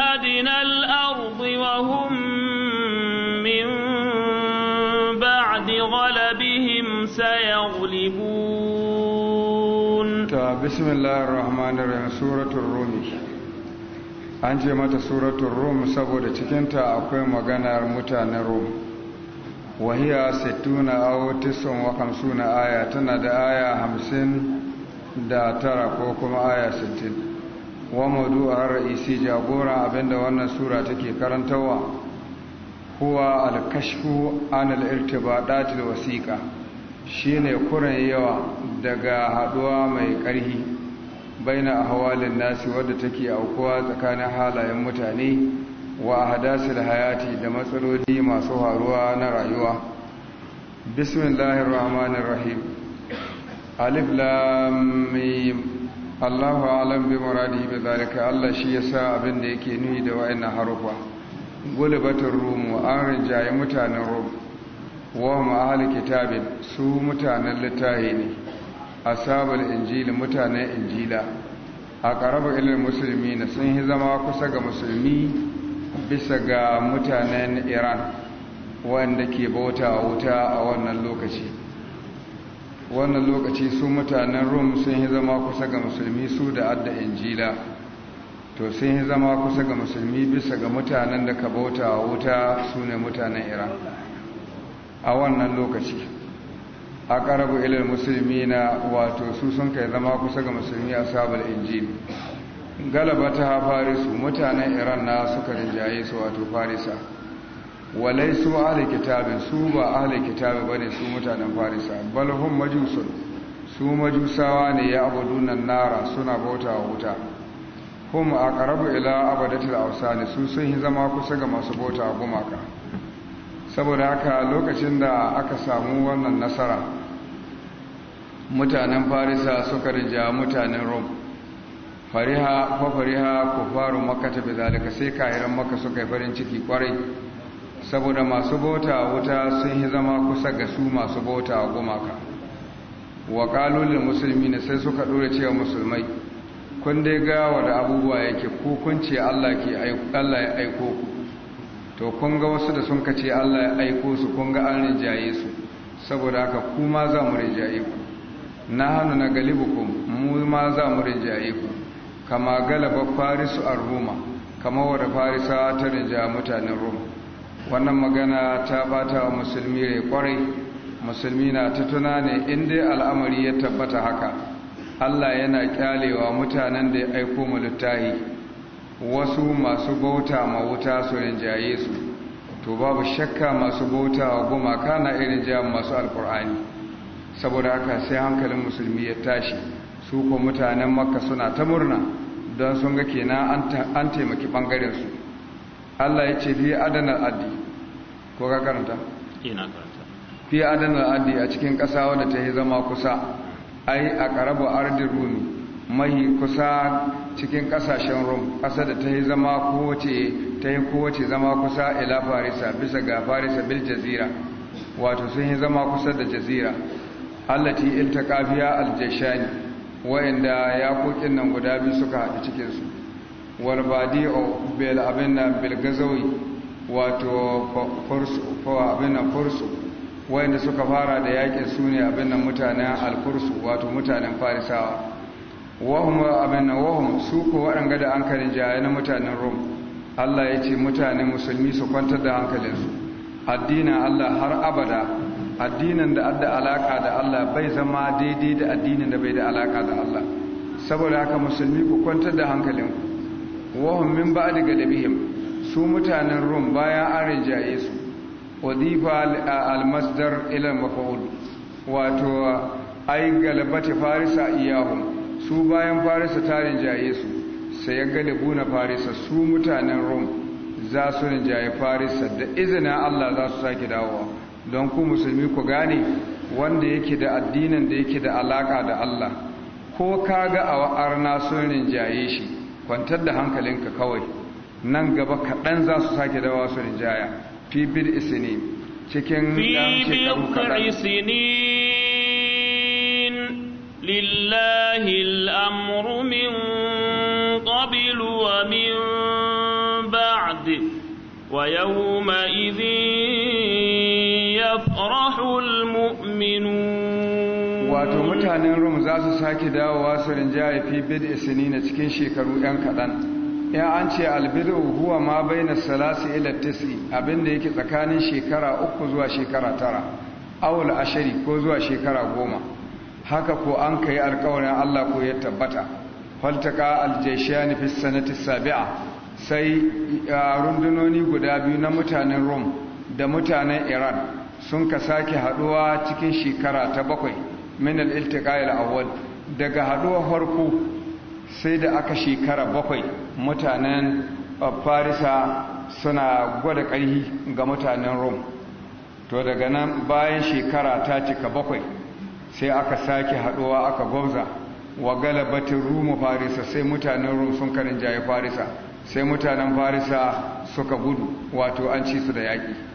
أدنى الأرض وهم من بعد غلبهم سيغلبون بسم الله الرحمن الرحيم سورة الرومي أنجي مات سورة الروم سبود تكنت أقوي مغانا المتا نروم وهي ستون أو تسع وخمسون آية تنا آية خمسين دا tara ko kuma ستين wa a ra'isi jagora abinda wannan sura take karantawa huwa al-kashfu an al-irtibadat al-wasiqa shine kuran yawa daga haɗuwa mai karhi baina ahwalin nasi wadda take aukuwa tsakanin halayen mutane wa hadasil hayati da matsaloli masu haruwa na rayuwa bismillahir rahmanir rahim alif lam Allahu alam bi muradi bi zalika Allah shi yasa abin da yake nuni da wayannan harufa batun rum wa arjaye mutanen rum wa ma ahli kitabin su mutanen littahi ne asabul injil mutanen injila a ilal muslimina sun yi zama kusa ga musulmi bisa ga mutanen Iran wanda ke bauta wuta a wannan lokaci wannan lokaci su mutanen rum sun yi zama kusa ga musulmi su da adda injila to sun yi zama kusa ga musulmi bisa ga mutanen da ka bauta wuta su ne mutanen iran a wannan lokaci a ƙarabu ilil musulmi na wato su sun kai zama kusa ga musulmi a sabon injil galaba ta farisu mutanen iran na suka rinjaye su wato farisa walai su ahli kitabin su ba ahli kitabi bane su mutanen farisa bal hum majusun su majusawa ne ya abudunan nara suna bauta wuta hum aqrabu ila abadatil awsani su sun yi zama kusa ga masu bauta gumaka saboda haka lokacin da aka samu wannan nasara mutanen farisa suka rija mutanen rom fariha ko fariha kufaru ta bi zalika sai kahiran makka suka yi farin ciki kwarai saboda masu bauta wuta sun yi zama kusa ga su masu bauta gumaka wa kalolin musulmi ne sai suka ɗora cewa musulmai kun dai gawa da abubuwa yake ko kun ce Allah ya aiko ku to kun ga wasu da sun kace Allah ya aiko su kun ga an rijaye su saboda haka ku ma za mu rijaye ku na hannu na Galibu ku mu ma za mu rijaye ku kama galaba farisu a roma kama wadda farisa ta rija mutanen roma wannan magana ta bata wa musulmi rai kwarai musulmi na ta tuna ne inda al'amari ya tabbata haka Allah yana kyalewa mutanen da ya aiko malittahi wasu masu bauta ma wuta su rinjaye su to babu shakka masu bauta wa gumaka na irin jami masu alkur'ani saboda haka sai hankalin musulmi ya tashi su ko mutanen makka suna ta murna don sun ga kenan an taimaki ɓangarensu Allah ya ce fi adanar addi ko ka karanta? ina karanta fi adanar addi a cikin ƙasa wadda ta yi zama kusa ai a ƙaraba ardin rumi mai kusa cikin ƙasashen rum ƙasa da ta yi zama kowace ta yi kowace zama kusa ila farisa bisa ga farisa bil jazira wato sun yi zama kusa da jazira allati iltaqafiya aljashani wa'inda yakokin nan guda biyu suka haɗu cikinsu Wani wal badi'u bil abin nan bil gazawi wato fursu fa abin nan fursu wanda suka fara da yakin su ne abin nan mutanen al wato mutanen farisawa wahum abin nan wahum su ko waɗanga da an karin na mutanen rom Allah ya ce mutanen musulmi su kwantar da hankalinsu addinin Allah har abada addinin da adda alaka da Allah bai zama daidai da addinin da bai da alaka da Allah saboda haka musulmi ku kwantar da hankalinku wahun min daga dabihim su mutanen rum bayan an rijaye su wadifa a almasdar ilan mafa'ul wato ai galabati farisa iyahun su bayan farisa ta rinjaye su sai ya galibu na farisa su mutanen rum za su rinjaye farisa da izinin Allah za su sake dawowa don ku musulmi ku gane wanda yake da addinin da yake da alaka da Allah ko kaga a arna sun rinjaye shi kwantar da hankalinka kawai nan gaba kaɗan za su sake dawa su rinjaya fi bir isini cikin ɗan shekaru kaɗan لله الأمر من قبل ومن بعد idin. mutanen rum za su sake dawo su rinjaye fi bid isini na cikin shekaru yan kaɗan ya an ce albidu huwa ma bai na salasi ila tisi abinda yake tsakanin shekara uku zuwa shekara tara awul ashari ko zuwa shekara goma haka ko an ka yi alkawarin allah ko ya tabbata faltaka aljaishiyani fi sanati sabi'a sai rundunoni guda biyu na mutanen rum da mutanen iran sun ka sake haɗuwa cikin shekara ta bakwai min al awad awwal daga haduwar farko sai da aka shekara bakwai mutanen uh, farisa suna gwada ƙarfi ga mutanen rom to daga nan bayan shekara ta cika bakwai sai aka sake haduwa aka gwamza wa galabatin rumu farisa sai mutanen rom sun karin jaye farisa sai mutanen farisa suka gudu wato an ci su da yaƙi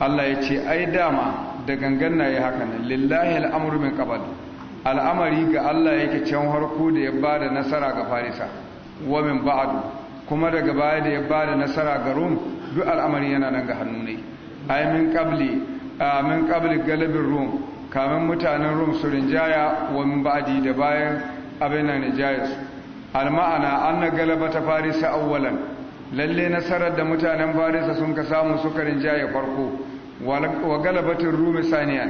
Allah ya ce ai dama da gangan na yi haka nan lillahi al'amuru min qabl al'amari ga Allah yake can harko da ya bada nasara ga farisa wa min ba'du kuma daga baya da ya bada nasara ga rum duk al'amari yana nan ga hannu ne ai min qabli min qabli galibin rum kamin mutanen rum su rinjaya wa min ba'di da bayan abin nan rijayis al ma'ana anna ta farisa awwalan lalle nasarar da mutanen farisa sun ka samu suka rinjaye farko wa galabatin rumi saniya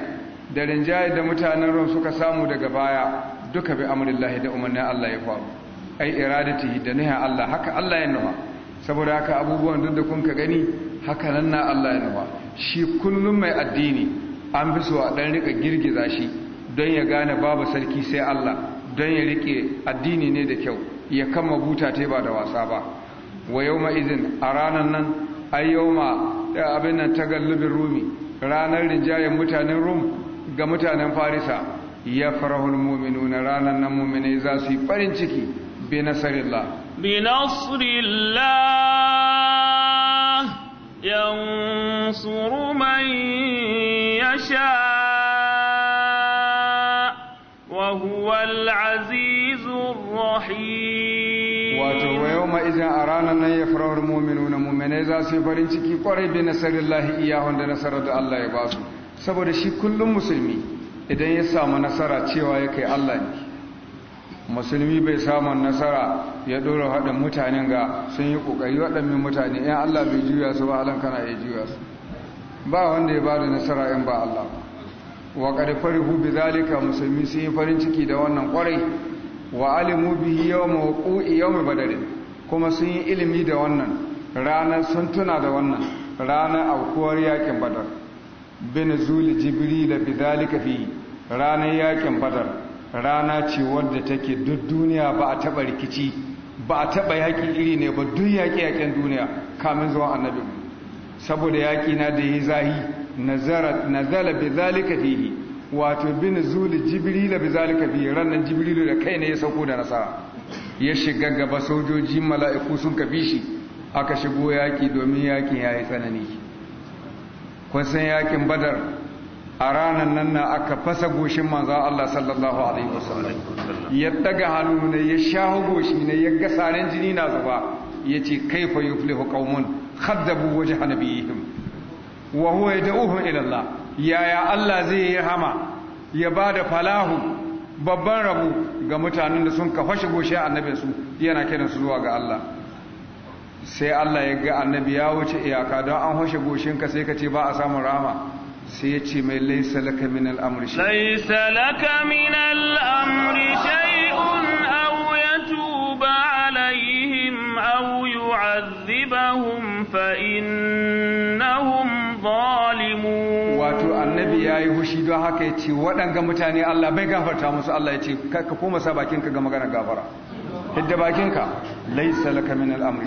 da rinjaye da mutanen rum suka samu daga baya duka bi amurillahi da umarnin allah ya faru ai iradati da niha allah haka allah ya nufa saboda haka abubuwan duk da kun ka gani haka nan na allah ya nufa shi kullum mai addini an fi so a dan rika girgiza shi don ya gane babu sarki sai allah don ya rike addini ne da kyau ya kama buta ba da wasa ba wa yau izin a ranar nan ai yau eh, abin nan ta gallubin rumi ranar rinjayen mutanen rum ga mutanen farisa ya farahul muminu na ranar nan mumini za su yi farin ciki bi nasarillah bi nasarillah yawma izin a ranar nan ya farawar na muminai za su yi farin ciki kwarai da nasarar lahi iyahun da nasarar da Allah ya ba su saboda shi kullum musulmi idan ya samu nasara cewa ya kai Allah ne musulmi bai samu nasara ya ɗora haɗin mutanen ga sun yi ƙoƙari waɗannan mutane ‘yan Allah bai juya su ba halin kana iya juya su ba wanda ya ba da nasara ‘yan ba Allah wa ƙarfar bi zalika musulmi sun yi farin ciki da wannan kwarai wa alimu bihi yau mawaƙo'i yau mai badarin kuma sun yi ilimi da wannan ranar sun tuna da wannan ranar aukuwar yakin badar bin zuli jibiri da bidalika fi ranar yakin badar rana ce wadda take duk duniya ba a taɓa rikici ba a taɓa yaƙi iri ne ba duk yaƙi yaƙin duniya kamin zuwa annabi saboda yaƙi na da yi zahi zala bi zalika fihi wato bin zuli da bi zalika fihi ranar jibiri da kai ne ya sauko da nasara ya shiga gaba sojoji mala'iku sun kafi shi aka shigo yaƙi domin yaƙin ya yi tsanani kun san yaƙin badar a ranar nan na aka fasa goshin manzan Allah sallallahu alaihi wasallam ya daga hannu ne ya shahu goshi ne ya ga tsarin jini na zuba ya ce kaifa yuflihu qaumun khaddabu wajha nabiyihim wa huwa yad'uhum ila Allah yaya Allah zai yi hama ya da falahu babban rabu ga mutanen da sun ka fashe goshe annabinsu yana kiransu zuwa ga Allah sai Allah ya ga annabi ya wuce iyaka don an fashe goshinka sai ka ce ba a samun rama sai ya ce mai laisa laka min al'amri shay'un laisa laka min al'amri shay'un aw yatuba alaihim aw yu'adhibahum ya yi hushi don haka ya ce waɗanga mutane Allah bai gafarta musu Allah ya ce ka koma sa bakinka ga magana gafara hidda bakinka laisa laka min al'amri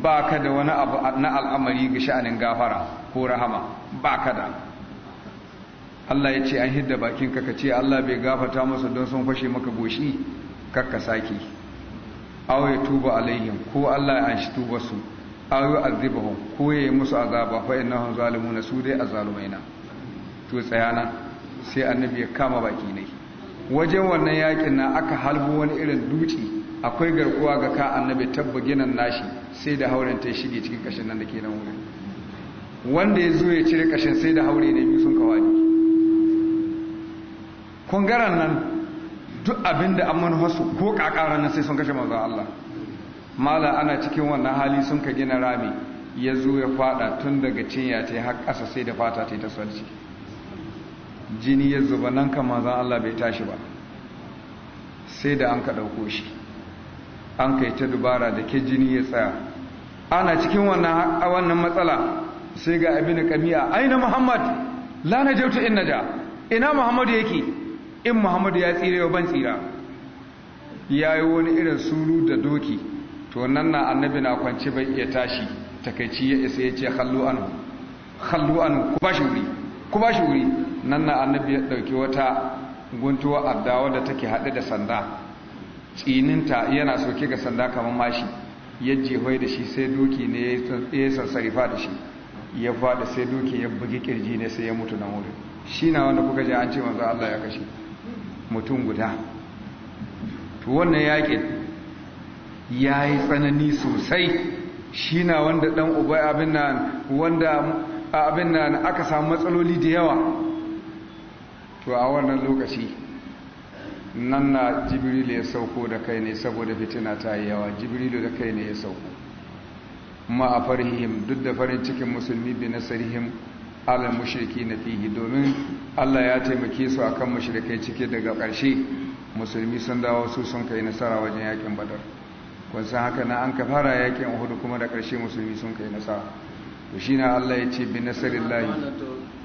ba baka da wani abu na al'amari ga sha'anin gafara ko rahama baka da Allah ya ce an hidda bakinka ka ce Allah bai gafarta musu don sun fashe maka goshi kakka saki awai tuba alaihim ko Allah ya anshi tuba su aw yu'adhibuhum ko yayi musu azaba fa innahum zalimuna su dai azalumai na to tsayana sai annabi ya kama baki ne wajen wannan yakin na aka halbu wani irin dutse akwai garkuwa ga ka annabi tabba ginan nashi sai da hauren ta shige cikin kashin nan da ke nan wurin wanda ya zo ya cire kashin sai da haure ne biyu sun kawani kungaran nan duk abin da an manufarsu ko kakarar nan sai sun kashe manzo Allah mala ana cikin wannan hali sun ka gina rami ya zo ya fada tun daga cinya ta har ƙasa sai da fata ta ta sarci jini ya zuba nan kama zan Allah bai tashi ba sai da an ka ɗauko shi an kai ta dubara da ke jini ya tsaya ana cikin wannan matsala sai ga abin kamiya aina muhammad lana na jautu in naja ina muhammadu yake in muhammadu ya tsira yau ban tsira ya yi wani irin suru da doki to nan na annabi na kwanci bai iya tashi takaici ya isa ya ce hallu anu ku ba shi wuri nan na annabi ya ɗauki wata guntuwa adda wadda take haɗe da sanda tsininta yana soke ga sanda kamar mashi ya jehoi da shi sai doki ne ya yi sassarifa da shi ya fada sai doki ya bugi kirji ne sai ya mutu na wuri shi na wanda kuka ji an ce manzo Allah ya kashe mutum guda to wannan yaƙin ya yi tsanani sosai shi na wanda ɗan uba abin nan wanda abin nan aka samu matsaloli da yawa to a wannan lokaci nan na jibrilu ya sauko da kai ne saboda fitina ta yi yawa jibrilu da kai ne ya sauko ma a farihim duk da farin cikin musulmi bi sarihim alal mushriki na fihi domin Allah ya taimake su a kan mushrikai cike daga ƙarshe musulmi sun dawo su sun kai nasara wajen yakin badar kun haka na an ka fara yakin hudu kuma da ƙarshe musulmi sun kai nasara to na Allah ya ce bi nasarillahi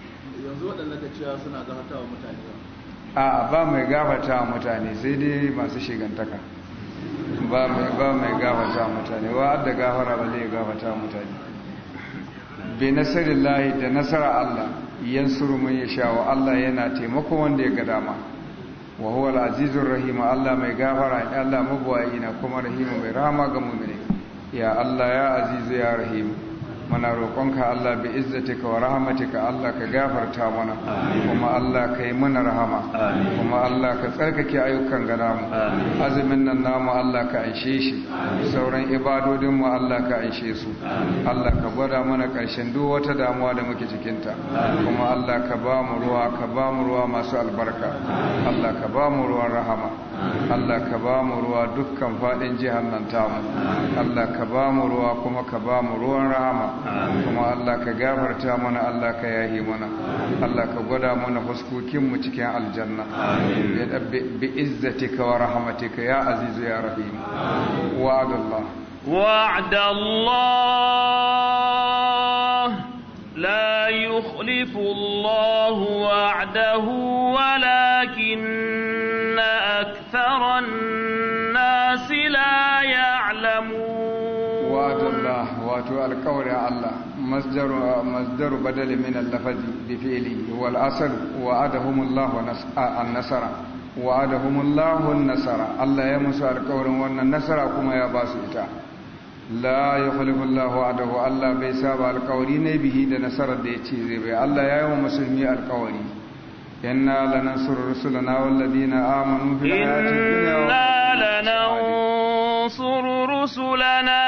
yanzu waɗanda ka cewa suna wa mutane a ba mai gafata wa mutane sai dai masu shigantaka ba mai gafata wa mutane wa da gafara ba zai gafata wa mutane bai nasarar lahi da nasara Allah yan surumin mun ya sha wa Allah yana taimako wanda ya ga dama wa huwa al-azizur rahim Allah mai gafara Allah mabuwayi na kuma rahimu mai rama ga mu'mini ya Allah ya azizu ya rahimu muna roƙonka Allah bi izzatika wa rahmatika Allah ka gafarta mana kuma Allah ka yi mana rahama kuma Allah ka tsarkake ayyukan gana mu azumin nan namu Allah ka aishe shi sauran ibadodin mu Allah ka aishe su Allah ka gwada mana ƙarshen duk wata damuwa da muke cikin ta kuma Allah ka ba mu ruwa ka ba mu ruwa masu albarka Allah ka ba mu ruwan rahama Allah ka ba mu ruwa dukkan fadin jihar nan tamu Allah ka ba mu ruwa kuma ka ba mu ruwan rahama kuma Allah ka gafarta mana Allah ka yahi mana Allah ka gwada mana fuskokin mu cikin aljanna amin bi izzatika wa rahmatika ya aziz ya rahim wa'ad Allah wa'ad Allah la yukhlifu Allah wa'dahu wa la alkawarin Allah masdaru badali min lafazi fi'li wal wa adahumullahu an-nasara wa adahumullahu an-nasara Allah ya musu alkawarin wannan nasara kuma ya ba su ita la yukhlifu adahu Allah bai saba alkawari ne bihi da nasarar da ce zai bai Allah ya yi wa musulmi alkawari inna lanansuru rusulana amanu fil hayati dunya rusulana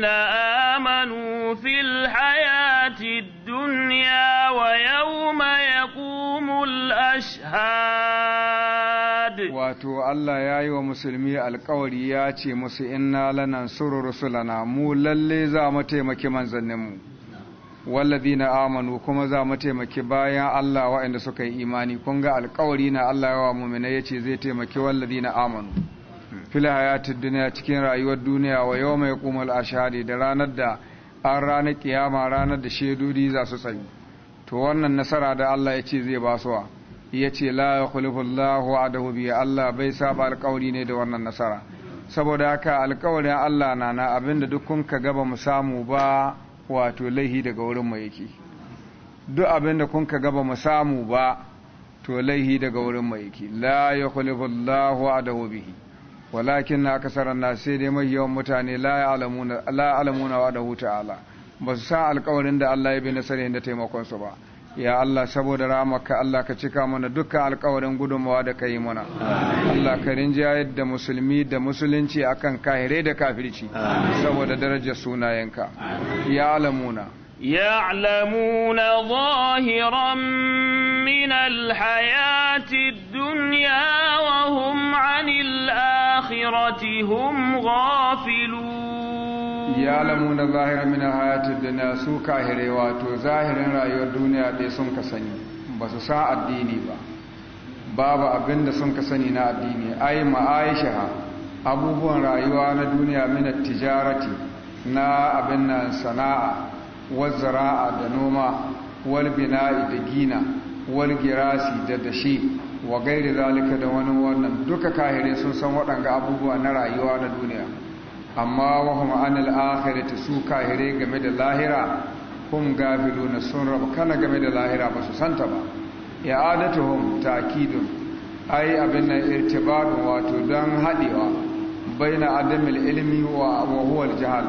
الذين آمنوا في wato Allah ya yi wa musulmi alkawari ya ce musu inna lanan suru rusulana mu lalle za mu taimaki manzanninmu walladina amanu kuma za mu taimaki bayan Allah waɗanda suka yi imani Kunga ga alkawari na Allah ya wa mu'mina yace zai taimaki walladina amanu fil hayatid duniya cikin rayuwar duniya wa yau mai yaqumul ashari da ranar da an ranar kiyama ranar da shedudi za su tsayu to wannan nasara da Allah ya ce zai basuwa ya ce la yukhlifullahu adahu bi Allah bai saba alƙawari ne da wannan nasara saboda haka alƙawarin Allah na na abinda duk kun ka gaba mu samu ba wato laihi daga wurin mu yake duk abinda kun ka gaba mu samu ba to laihi daga wurin mu yake la yukhlifullahu adahu bihi walakin na kasaran na sai dai mai yawan mutane la alamuna wa da huta ala ba su sa alkawarin da Allah ya bi nasari da taimakonsu ba ya Allah saboda ramaka Allah ka cika mana dukkan alkawarin gudunmawa da ka yi mana Allah ka rinjayar da musulmi da musulunci akan kahire da kafirci saboda darajar sunayenka ya alamuna يعلمون ظاهرا من الحياة الدنيا وهم عن الله الآخرة هم غافلون يعلمون ظاهرا من الحياة الدنيا سو كاهر واتو ظاهرا رأيو الدنيا دي سن كسني بس ساعة الديني با بابا أبن دي سن كسني نا الديني أي ما آيشها أبو na duniya mina الدنيا من التجارة نا أبن سناء والزراعة دنوما والبناء bina'i والجراسي gina wa gairi zalika da wani wannan duka kahire sun san waɗanga abubuwa na rayuwa na duniya amma wahum anil ta su kahire game da lahira hum gafiluna sun raba kana game da lahira ba su santa ba ta kidun. ai abin na irtibarun wato don bai baina adamin ilmi wa huwa jihar.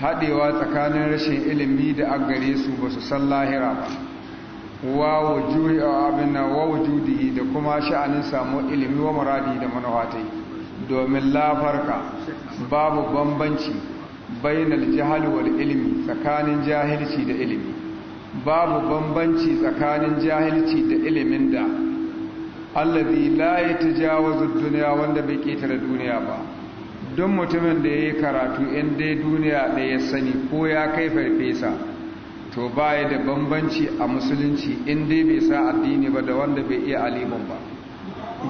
Haɗewa tsakanin rashin ilimi da agaresu su ba su san lahira ba wa wujudi abin wa wujudi da kuma sha'anin samu ilimi wa muradi da manawatai domin lafarka babu bambanci bainal jahal wal ilmi tsakanin jahilci da ilimi babu bambanci tsakanin jahilci da ilimin da allazi la yatajawazu duniya wanda bai ketare duniya ba don mutumin da ya yi karatu in dai duniya da ya sani ko ya kai farfesa to baya da bambanci a musulunci in dai bai sa addini ba da wanda bai iya alimin ba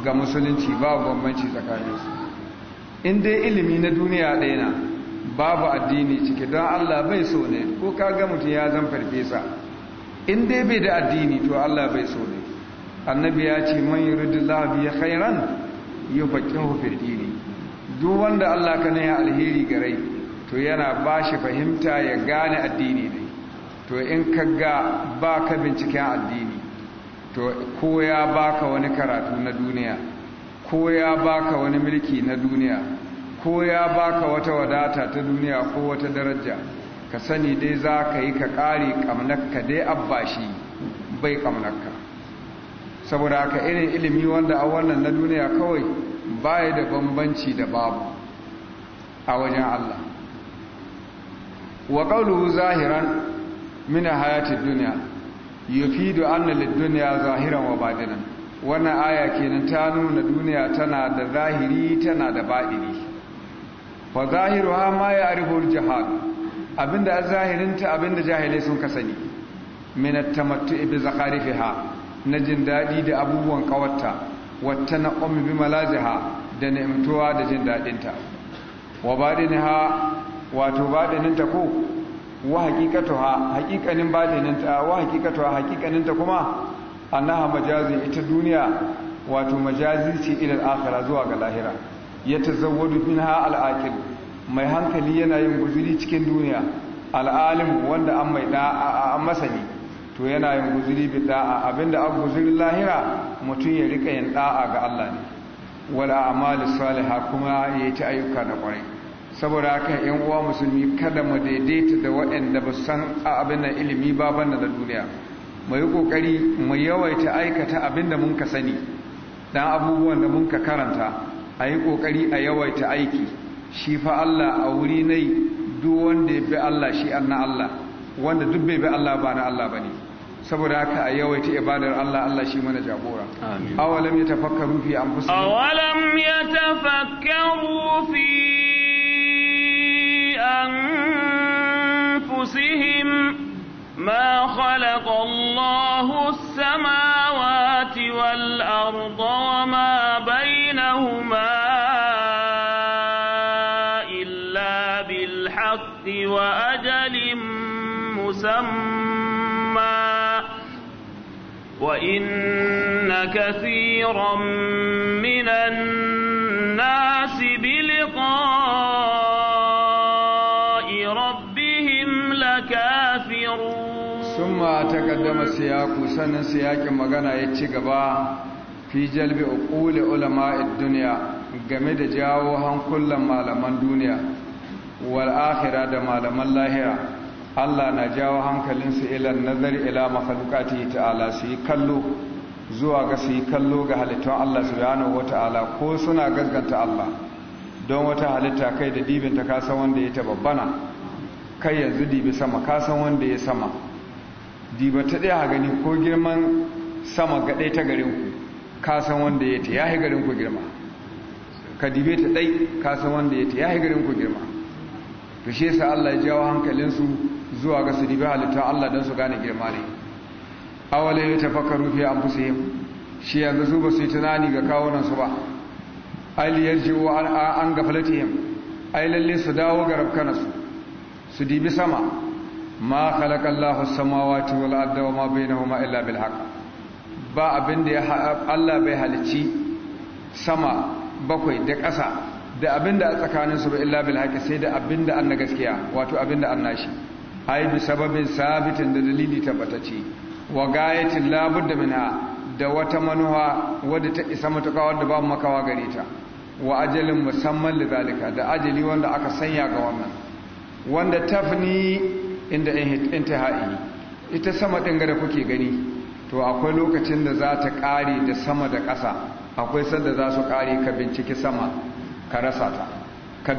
ga musulunci babu bambanci su. in dai ilimi na duniya ɗaya na babu addini ciki don Allah bai so ne ko ka ga mutum ya zan farfesa in dai bai da addini to Allah bai so ne annabi ya ce man yuridillahu bi khairan bakin fi dini duk wanda Allah ka ya alheri garai to yana ba shi fahimta ya gane addini ne to in kagga ba ka binciken addini to ko ya baka wani karatu na duniya ko ya baka wani mulki na duniya ko ya baka wata wadata ta duniya ko wata daraja ka sani dai za ka yi ka ƙari ƙamnakka dai abbashi bai ƙamnakka saboda ka irin ilimi wanda a wannan na duniya kawai baya da bambanci da babu a wajen Allah wa ƙauluhu zahiran Mina hayati duniya yufidu anna lid-dunya zahiran wa batinan wannan aya kenan ta nuna duniya tana da zahiri tana da batini fa zahiruha ma ya'rifu al-jahal abinda zahirinta abinda jahilai sun kasani min at-tamattu bi zakarifiha na jin dadi da abubuwan kawarta wata ummi bi malaziha da ne'imtuwa da jin dadinta wa batinaha wato batininta ko wa haqiqatuha haqiqanin batininta wa haqiqatuha ta kuma annaha majazi ita duniya wato majazi ce ilal akhirah zuwa ga lahira yatazawwadu minha al-aqil mai hankali yana yin guzuri cikin duniya al-alim wanda an mai da an masani to yana yin guzuri bi da'a abinda an guzuri lahira mutum ya rika yin da'a ga Allah ne wala amali salihah kuma yayi ta ayyuka na kwarai saboda haka yan uwa musulmi kada mu daidaita da waɗanda ba san abin da ilimi ba banda da duniya mu yi kokari mu yawaita aikata abin da mun ka sani dan abubuwan da mun ka karanta a yi kokari a yawaita aiki shi fa Allah a wuri nai duk wanda ya bi Allah shi anna Allah wanda duk bai bi Allah ba na Allah bane saboda haka a yawaita ibadar Allah Allah shi mana jagora awalam yatafakkaru fi anfusihim awalam yatafakkaru fi وإن كثيرا من الناس بلقاء ربهم لكافرون ثم تقدم السياق سنة سياق مغانا يتشغبا في جلب عقول علماء الدنيا game جاوهم كل ما لمن دنيا والآخرة akhira لمن لاهرة Allah na jawo hankalinsu ilan nazari ila makhluqati ta'ala su yi kallo zuwa ga su yi kallo ga halittun Allah su wa ta'ala ko suna gaskanta Allah don wata halitta kai da dibin ta kasan wanda ya bana kai yanzu dibi sama kasan wanda ya sama diba ta ɗaya a gani ko girman sama ga ɗaya ta garin ku kasan wanda ya ta yi garin ku girma ka dibe ta ɗai kasan wanda ya ta yahi garin ku girma to shi sa Allah ya jawo hankalinsu zuwa ga su dibi halitta Allah don su gane girma ne awale ya tafaka rufe an fusa yin shi yanzu su ba su yi tunani ga kawunansu ba ji wa an gafalatihim ai lalle su dawo ga rafkanarsu su dibi sama ma khalaqa Allahu samawati wal arda wa ma huma illa bil haka. ba abin da Allah bai halicci sama bakwai da ƙasa da abin da a tsakaninsu ba illa bil haka sai da abin da an na gaskiya wato abin da an nashi ai bi sababin sabitin da dalili tabbatacce wa gayatin labudda mina da wata manuwa wadda ta isa matuka wadda ba makawa gare ta wa ajalin musamman lidalika da ajali wanda aka sanya ga wannan wanda tafni inda intihai ita sama din ga da kuke gani to akwai lokacin da za ta kare da sama da ƙasa akwai sanda za su kare ka binciki sama ka rasa ta ka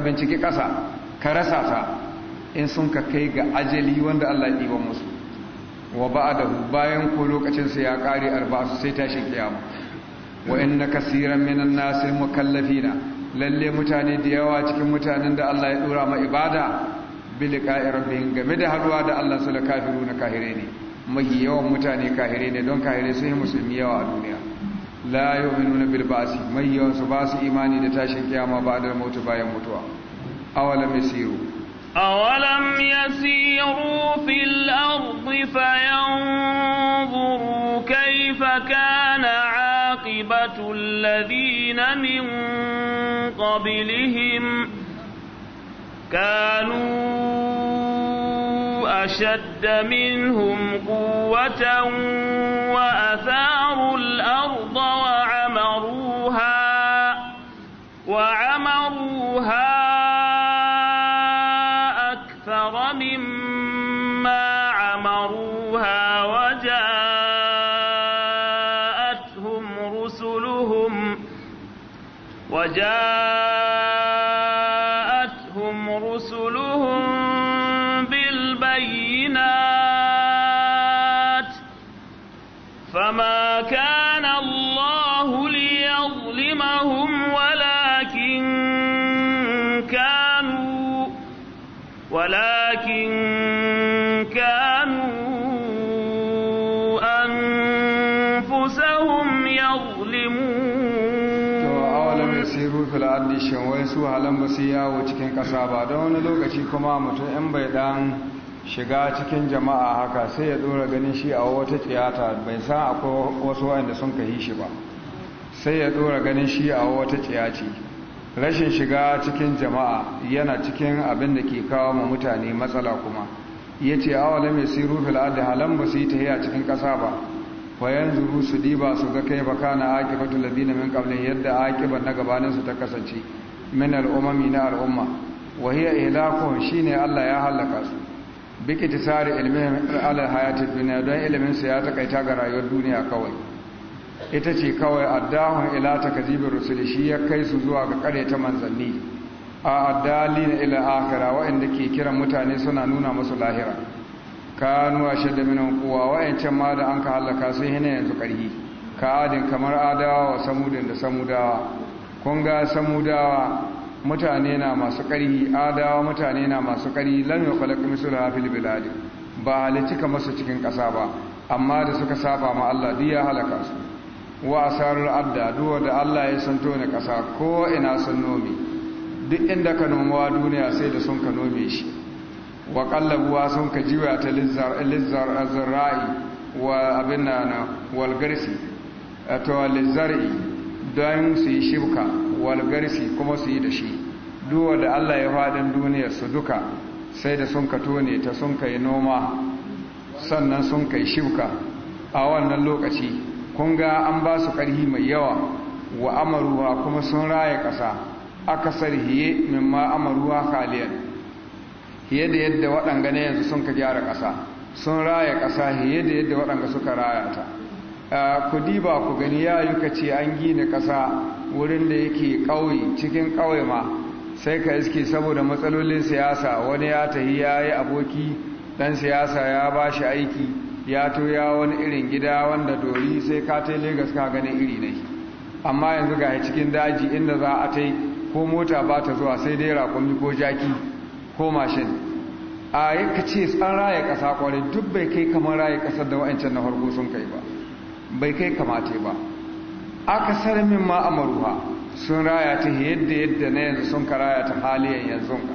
binciki ƙasa ka rasa ta in sun ka kai ga ajali wanda Allah ya musu wa ba'da bayan ko lokacin sa ya kare su sai tashin kiyama wa inna kaseeran minan nas mukallafina lalle mutane da yawa cikin mutanen da Allah ya dora ma ibada bilqa'i rabbihim game da haduwa da Allah su la kafiruna kahire ne mahi yawan mutane kahire ne don kahire sun musulmi yawa a duniya la yu'minuna bil ba'si mai yawan su ba su imani da tashin kiyama ba da mutu bayan mutuwa awalam yasiru أولم يسيروا في الأرض فينظروا كيف كان عاقبة الذين من قبلهم كانوا أشد منهم قوة وأثاروا الأرض وعادوا su halin ba su yawo cikin ƙasa ba don wani lokaci kuma mutum in bai dan shiga cikin jama'a haka sai ya dora ganin shi a wata tsiyata bai san akwai wasu wanda sun kahi shi ba sai ya dora ganin shi a wata tsiyaci rashin shiga cikin jama'a yana cikin abin da ke kawo ma mutane matsala kuma ya ce awala mai siru fil ardi halan ba su yi a cikin ƙasa ba wa yanzu su diba su ga kai baka na aqibatu na min qablin yadda akibar na gabaninsu ta kasance min al'umami na al'umma wa hiya ihlakuhum shine Allah ya halaka su bi kitisari ilmihim ala hayati duniya don ilimin su ya takaita ga rayuwar duniya kawai ita ce kawai addahun ila ta takzibir rusuli shi ya kai su zuwa ga kare ta manzanni a na ila akhira wa'anda ke kiran mutane suna nuna musu lahira kanu ashadda minhum quwwa wa'ancan ma da an ka halaka sun hina yanzu karhi ka adin kamar adawa wa samudin da samudawa kun ga samudawa mutane na masu ƙarhi adawa mutane na masu ƙarhi lam yukhlaq misluha hafi ba halici ka masu cikin ƙasa ba amma da suka saba ma Allah duk ya halaka su wa sarar adda duwa da Allah ya santo na ƙasa ko ina sun nomi duk inda ka nomawa duniya sai da sun ka nome shi wa ƙallabuwa sun ka jiwa ta lizzar wa abin na walgarsi don su yi shibka walgarsi kuma su yi da shi duwa da Allah ya faɗin duniyar su duka sai da sun ka ne ta sun kai noma sannan sun kai shibka a wannan lokaci kun ga an ba su mai yawa wa amaruwa kuma sun raya ƙasa akasar hiye ma amaruwa khaliyan hiye da yadda waɗanga ne yanzu sun ka gyara ƙasa sun raya ƙasa hiye da yadda waɗanga suka raya ta Ah, ku diba ku gani ya yi ce an gina kasa wurin da yake ƙauye cikin ƙauye ma sai ka iske saboda matsalolin siyasa wani ya tahi ya yi aboki ɗan siyasa ya ba shi aiki ya toya wani irin gida wanda dori sai ka ta legas ka gani iri ne amma yanzu ga cikin daji inda za a ta ko mota ba ta zuwa sai dai rakumi ko jaki ko mashin a ah, yanka ce tsan raya ƙasa kwarai duk bai kai kamar raya ƙasar da wa'ancan na farko sun kai ba bai kai kamata ba aka sarmin ma sun raya ta yadda yadda na yanzu sun ka raya ta haliyan yanzu ka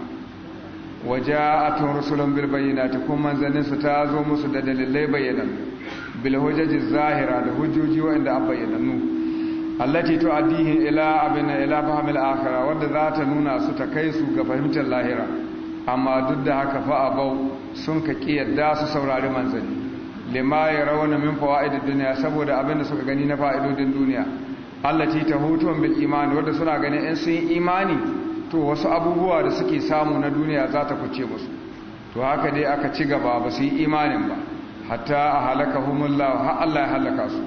waje a tun rusulun bilbayyana ta kuma manzaninsu ta zo musu da dalilai bayyanan bilhujjajin zahira da hujjoji wa'inda an bayyanannu allati to adihin ila abin ila fahimil akhira wadda za ta nuna su ta kai su ga fahimtar lahira amma duk da haka fa sun ka da su saurari manzanni lima ya rauna min fawa'idin duniya saboda abin da suka gani na fa'idodin duniya ta hutun bil imani wanda suna ganin in sun yi imani to wasu abubuwa da suke samu na duniya za ta kuce musu to haka dai aka ci gaba ba su yi imanin ba hatta a halaka humullahu har Allah ya halaka su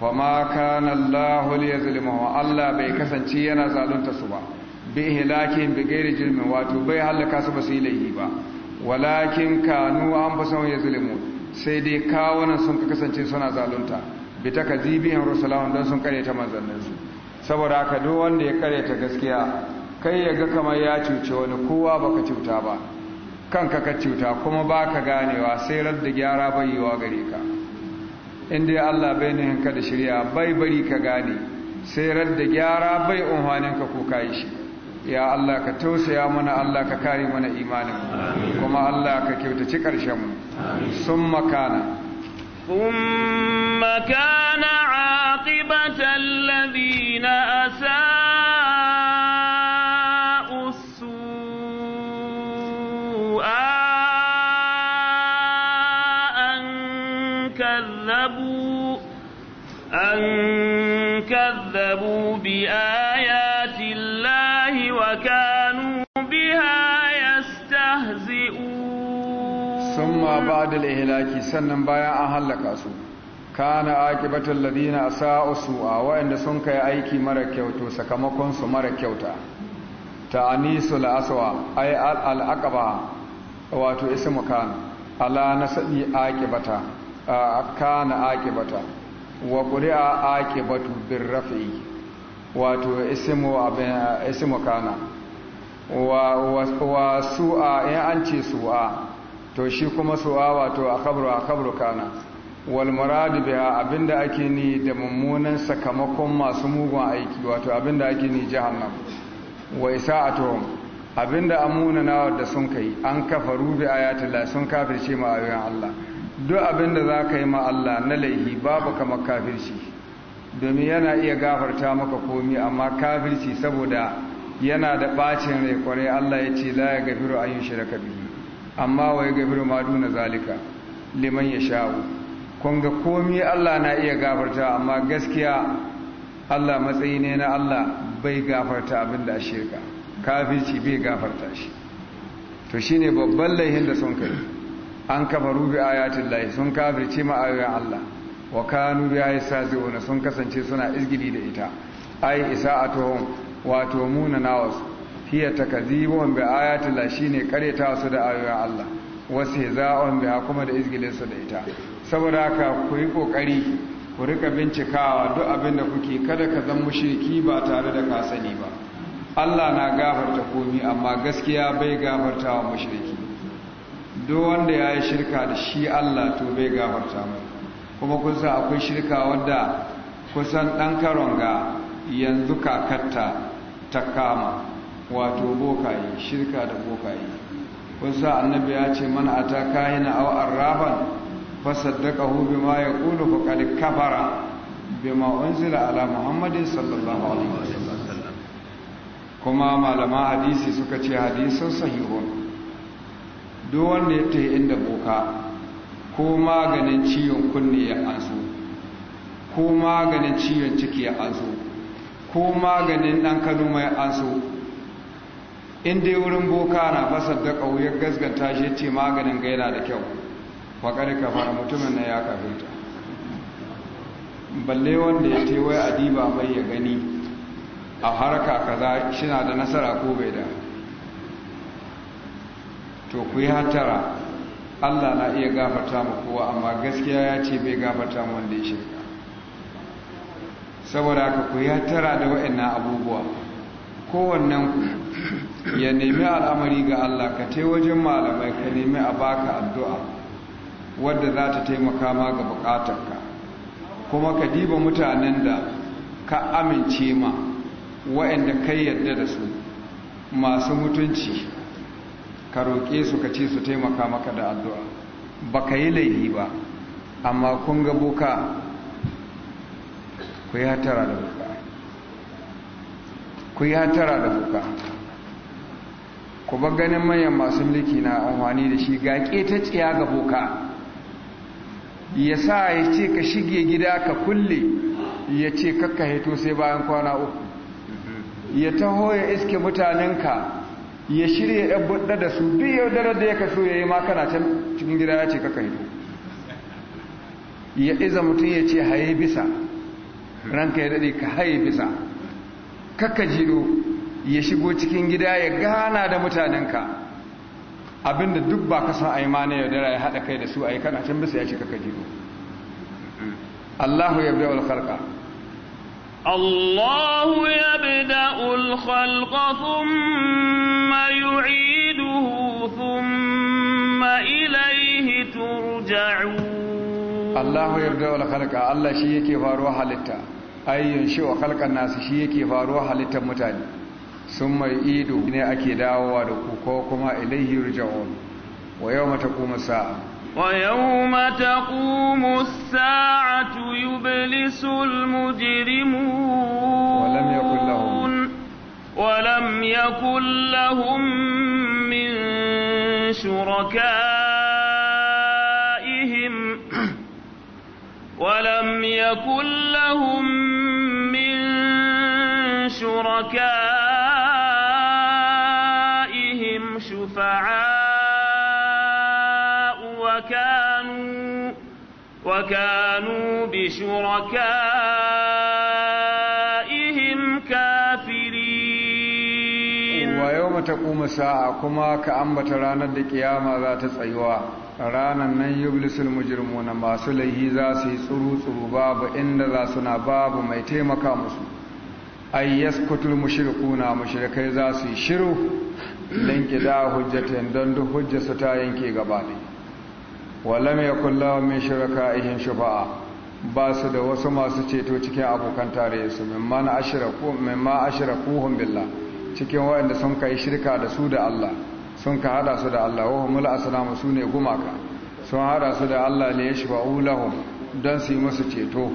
wa ma kana Allahu liyazlimuhu Allah bai kasance yana zalunta su ba bi ihlakin bi ghairi jilmin wato bai halaka su ba su yi laifi ba walakin kanu anfusahum yazlimun sai dai kawunan sun kasance suna zalunta bi ta kazibihin rusulahun don sun karyata manzanninsu saboda haka duk wanda ya karyata gaskiya kai ya ga kamar ya cuce wani kowa baka cuta ba kanka ka cuta kuma baka ganewa sai radda gyara bayyawa gare ka in dai Allah bai nihin da shirya bai bari ka gane sai radda gyara bai unhwanin ko kayi shi ya Allah ka tausaya mana Allah ka kare mana imanin kuma Allah ka kyautaci ƙarshen mu sun makana sun makana aqibatan ba da sannan bayan an hallaka su kana akibatul ladina asa'u su'a wa'anda sun kai aiki mara kyautu sakamakon su mara kyauta Ta ta'anisul aswa ay al aqaba wato ismu kana ala nasabi akibata kana akibata wa quri'a aqibatu birrafi wato ismu abin ismu kana wa wa su'a in an ce su'a to shi kuma su'a wato a kabru a kabru kana wal biya abinda ake ni da mummunan sakamakon masu mugun aiki wato abinda ake ni jahannam wa isa'atuhum abinda amuna na da sun kai an kafaru bi la sun kafirce ma ayoyin Allah duk abinda za ka yi ma Allah na laihi babu kamar kafirci domin yana iya gafarta maka komi amma kafirci saboda yana da bacin rai kwarai Allah ya ce la ya gafiru an shi shirka bihi amma wa ya ma duna zalika liman ya sha'u kun komi Allah na iya gafarta amma gaskiya Allah matsayi ne na Allah bai gafarta abin da shirka kafirci bai gafarta shi to shine babban laihin da sun kai an kafa rubi ayatin lahi sun kafi ma ayoyin Allah wa kanu bi ayi wani sun kasance suna izgili da ita ai isa'atuhum wato Muna na wasu hiya takazibun bi ayati la shine kareta su da ayoyin Allah wasu za'on kuma da izgilinsu da ita saboda haka ku yi kokari ku rika bincikawa duk abin da kuke kada ka zan mushriki ba tare da kasani ba Allah na gafarta komi amma gaskiya bai gafarta wa mushriki duk wanda ya yi shirka da shi Allah to bai gafarta mu kuma kun sa akwai shirka wanda kusan ɗan karonga yanzu kakatta ta kama wato bokaye shirka da bokaye kusa annabi ya ce mana ata kahina aw arrafan fasaddaqahu bima yaqulu faqad kafara bima unzila ala muhammadin sallallahu alaihi wasallam kuma malama hadisi suka ce hadisin sahihun duk wanda ya tafi inda boka ko maganin ciwon kunne ya ansu ko maganin ciwon ciki ya ansu ko maganin dan kano mai ansu in dai wurin boka na fasar da ƙauyar gasganta shi ce maganin gaina da kyau faƙar fara mutumin na ya ta balle wanda ya ce wai adiba mai ya gani a harka kaza shina da nasara ko bai da to ku yi hatara allah na iya gafarta mu kowa amma gaskiya ya ce bai gafarta mu wanda ya shirka saboda ka ku yi hatara da waɗannan abubuwa kowannen ku ya nemi al'amari ga Allah ka tai wajen malamai ka nemi a baka addu'a wadda za ta taimaka ma ga bukatarka kuma ka diba mutanen da ka amince ma wa'inda kai yarda da su masu mutunci ka roƙe su ka ce su taimaka maka da addu'a ba ka yi laifi ba amma kun ga boka ku yi hatara da buka ku ya hatara da kuka ku ba ganin manyan masu mulki na amfani da shi ga keta ga boka ya sa ya ce ka shige gida ka kulle ya ce kakka haito sai bayan kwana uku ya taho ya iske mutanenka ya shirya buɗe da su duk yaudarar da ya kaso ya yi makana can cikin gida ya ce kakka haito ya iza mutum ya ce haye bisa ranka ya daɗe ka haye bisa kakka jiro ya shigo cikin gida ya gana da mutanenka abinda duk ba ka san aima na yaudara ya hada kai da su a yi kan a can bisa ya shi kakka jiro Allahu ya bida'ul khalqa Allahu ya bida'ul khalqa thumma yu'iduhu thumma ilayhi turja'un Allahu ya bida'ul khalqa Allah shi yake faruwa halitta ayyun shi wa halkan nasu shi yake faruwa halittar mutane sun mai ido ne ake dawowa da ku ko kuma ilaihi ruja'un wa yau mata kuma sa'a wa yau mata kuma tu yi bilisul mujirimu ولم ya لهم من شركاء ولم يكن لهم Shuraka ihin shufaɗa uwa kanu uwa kanu bishiyu shuraka ihin kafirin. Wa yau mu taƙumma sa'a kuma ka ambata ranar da ƙiyama za tsayuwa, ranar nan yubilisil mujirmuna, masu lahi za su yi tsuru-tsuru babu, inda za na babu mai taimaka musu. ay yaskutul mushrikuuna mushrikai za su yi shiru dan kida hujjatin dan duk su ta yanke gaba ne walam yakul lahum min shuraka'ihim shufa'a ba su da wasu masu ceto cikin abokan tare su na ashraku mimma ashrakuhum billah cikin waɗanda sun kai shirka da su da Allah sun ka hada su da Allah wa humul aslamu sune gumaka sun hada su da Allah ne yashfa'u lahum don su yi musu ceto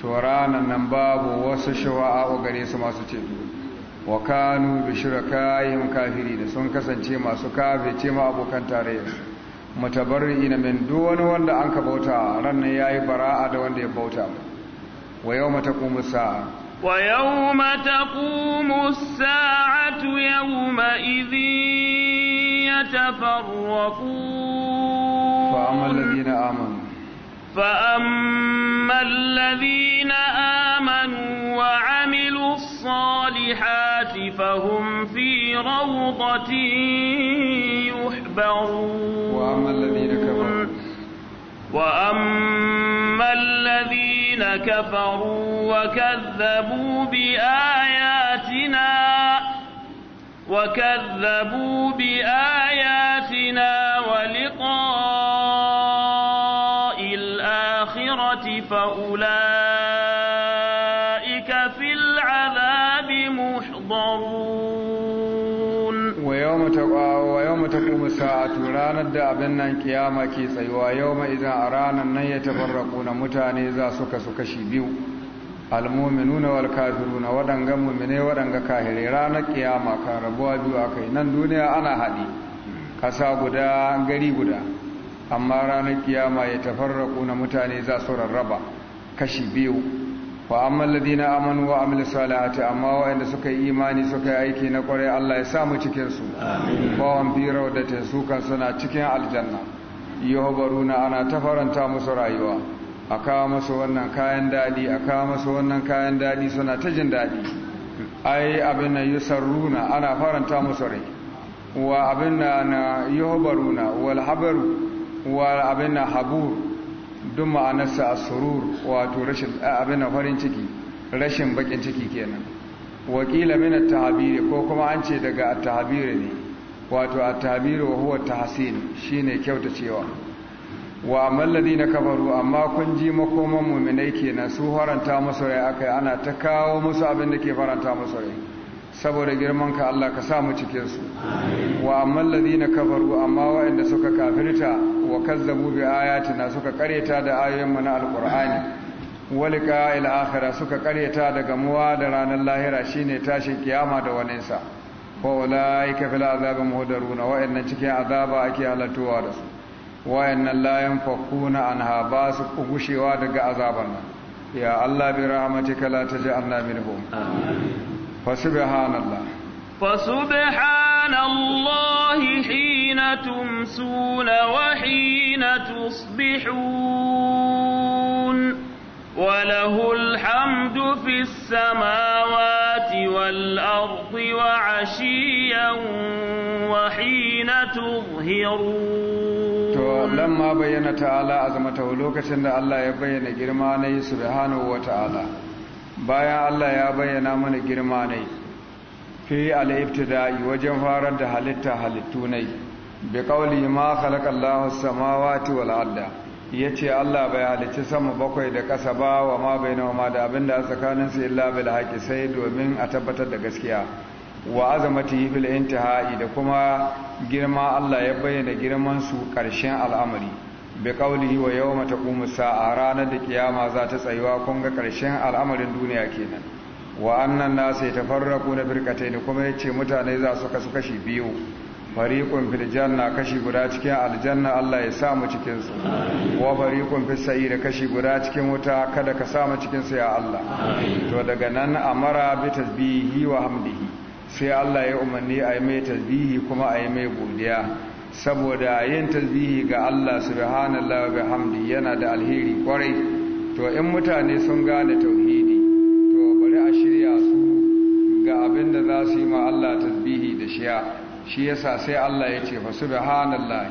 Toranan nan babu wasu a gare su masu ceto wa kanu bi shirakayin kafiri da sun kasance masu ce ma abokan matabari ina min duk wanda an ka bauta ya yayi bara'a da wanda ya bauta wa yawma taqumu sa'a wa yawma taqumu sa'atu yawma ya tafarwa fa amma na amanu فأما الذين آمنوا وعملوا الصالحات فهم في روضة يحبرون وأما الذين كفروا وأما الذين كفروا وكذبوا بآياتنا وكذبوا بآياتنا فأولئك في العذاب محضرون ويوم تقوم ويوم تقوم الساعة رانا دابنا قياما كي سيوا يوم إذا أرانا نن يتفرقون متاني إذا سك سك شبيو المؤمنون والكافرون ودنغ مؤمنين ودنغ كاهري رانا قياما كان ربوا بيو أكي نن دنيا أنا هدي kasa guda gari guda amma ranar kiyama ya tafarraku na mutane za su rarraba kashi biyu wa amma ladina amanu wa amil salati amma wa'anda suka yi imani suka yi aiki na kwarai Allah ya samu cikin su bawan biro da kan suna cikin aljanna yuhbaruna ana tafaranta musu rayuwa a kawo musu wannan kayan dadi a kawo musu wannan kayan dadi suna ta jin dadi ai abin nan yusarruna ana faranta musu rai wa abin na yuhbaruna wal habaru wa abin na habur duk ma'anarsa a surur wato abin na farin ciki rashin bakin ciki kenan wakila min tahabiri ko kuma an ce daga a tahabiri ne wato a tahabiri wa huwa tahsin shine cewa. wa amman ladina kafaru amma kun ji makoman mu'minai kenan su haranta musu rai akai ana ta kawo musu abin da ke faranta musu rai saboda girman ka Allah ka sa mu cikin su wa amma ladina kafaru amma wa'anda suka kafirta wa kazzabu bi ayatina suka kareta da ayoyin mu na alqur'ani walika il akhira suka kareta da gamuwa da ranar lahira shine tashin kiyama da waninsa fa ulaika fil azabi muhdaruna waɗannan cikin azaba ake halatuwa da su waɗannan la yanfakuna anha ba su daga azaban nan ya Allah bi rahmatika la taj'alna minhum amin فسبحان الله فسبحان الله حين تمسون وحين تصبحون وله الحمد في السماوات والأرض وعشيا وحين تظهرون لما lamma تعالى ta'ala azamata lokacin يبين جرمانه سبحانه وتعالى bayan Allah ya bayyana mana girma ne fi al-ibtida'i wajen farar da halitta halittu ne bi kawali ma khalaqallahu as-samawati wal ya ce Allah bai halicci sama bakwai da ƙasa ba wa ma bai wama da abinda a tsakanin su illa bil haƙi sai domin a tabbatar da gaskiya wa azamati fil intihai da kuma girma Allah ya bayyana girman su ƙarshen al'amari bi kaulihi wa yawma taqumu sa'a ranar da kiyama za ta tsayuwa kun ga karshen al'amarin duniya kenan wa annan nasu yatafarraqu na firqatayn kuma yace mutane za su kasu kashi biyu fariqun fil janna kashi guda cikin aljanna Allah ya sa mu cikin su wa fariqun fis sa'ir kashi guda cikin wuta kada ka sa mu cikin su ya Allah to daga nan amara bi tasbihi wa hamdihi sai Allah ya umarni a yi mai tasbihi kuma a yi mai godiya saboda yin tasbihi ga Allah subhanallahi wa yana da alheri kwarai to in mutane sun gane tauhidi to bari a shirya su ga abin da za su yi ma Allah tasbihi da shiya shi yasa sai Allah ya ce fa subhanallahi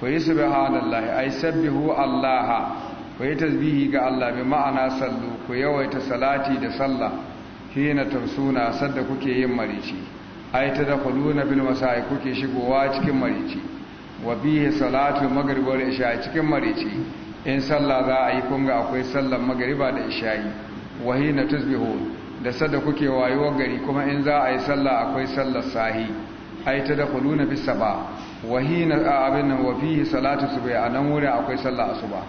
ku yi subhanallahi ai sabbihu Allah ku yi tasbihi ga Allah bi ma'ana sallu ku yawaita salati da sallah hina tamsuna sadda kuke yin marici ai ta da kuluna bil kuke shigowa cikin marici wa bihi salatu maghrib wal isha cikin marici in sallah za a yi kunga akwai sallar magariba da isha'i wa hina tusbihu da sada kuke wayo gari kuma in za a yi sallah akwai sallar sahi ai tadkhuluna bis saba wa hina abin wa fihi salatu subhi anan wuri akwai sallar asuba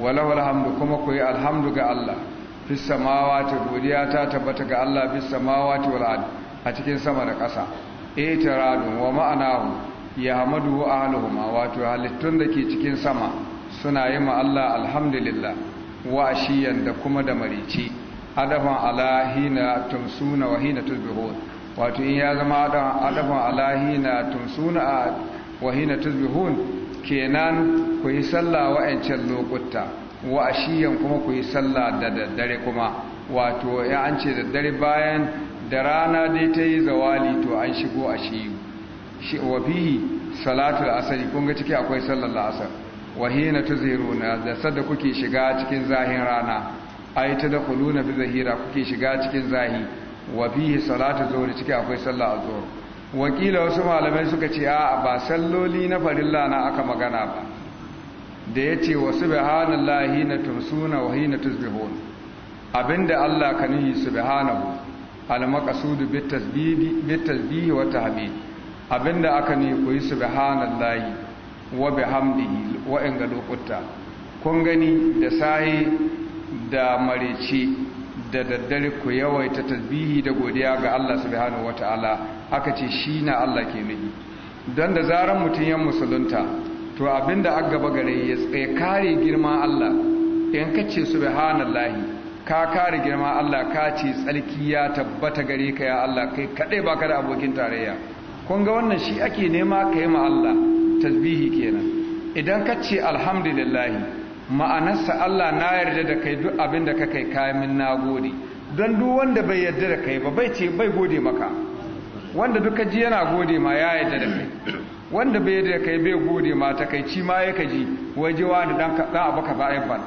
walau hamdu kuma ku yi alhamdu ga Allah mawa samawati godiya ta tabbata ga Allah fi samawati wal ard a cikin sama da ƙasa itiradun wa ma'anahu ya wa ahaluhuma wato halittun da ke cikin sama suna yi ma Allah alhamdulillah wa shiyan da kuma da marici adafan alahina hina tumsuna wa hina tusbihun wato in ya zama adafan alahina hina tumsuna wa hina tusbihun kenan ku yi sallah wa'ancan lokuta wa shiyan kuma ku yi sallah da daddare kuma wato ya an ce daddare bayan da rana dai ta yi zawali to an shigo a shiyu shi wa fihi salatul asr kun ga ciki akwai sallar asr wa hina tuziruna da sadda kuke shiga cikin zahin rana ay tadkhuluna fi zahira kuke shiga cikin zahi wa fihi salatu zuhr ciki akwai sallar azhur wakila wasu malamai suka ce a ba salloli na farilla na aka magana ba da ya ce wa subhanallahi na tumsuna wa hina tusbihun abinda Allah ka nuhi subhanahu al maqsudu bit tasbihi wa tahmid abinda aka ne ku yi su layi, wa bihamdihi wa in ga lokuta kun gani da sahi da marici da daddare ku yawaita tasbihi da godiya ga Allah hannun wataala aka ce shi na Allah ke nufi don da zaren mutum yan musulunta to abinda aka gaba gare ya tsaye kare girma Allah in ka ce su layi, ka kare girma Allah ka ce tsarki ya tabbata gare ka ya Allah kai kaɗai baka da abokin tarayya kun ga wannan shi ake nema ka yi ma Allah tasbihi kenan idan ka ce alhamdulillahi ma'anarsa Allah na yarda da kai duk abin da ka kai kayan na gode don duk wanda bai yarda da kai ba bai ce bai gode maka wanda duka ji yana gode ma ya yarda da kai wanda bai yarda da kai bai gode ma ta ci ma ya kaji wajewa da dan kaɗa a baka ba ban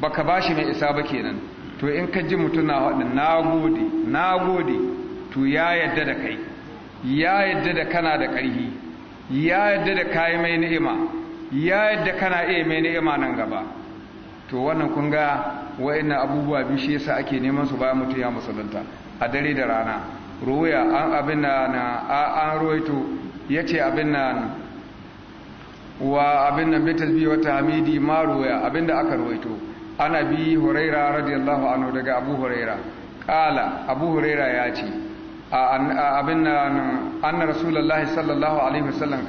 baka ba shi mai isa ba kenan to in ka ji mutum na haɗin na gode na gode to ya yarda da kai ya yadda da kana da ƙarhi ya yadda da kayi mai ni'ima ya yadda kana iya mai ni'ima nan gaba to wannan kun ga wa'annan abubuwa biyu shi yasa ake neman su bayan mutum ya musulunta a dare da rana ruwaya an abin na an ruwaito yace abin na wa abin nan biyu wata hamidi ma ruwaya abin da aka ruwaito ana bi huraira radiyallahu anhu daga abu huraira kala abu huraira ya ce abin anna rasulullahi sallallahu alaihi wasallam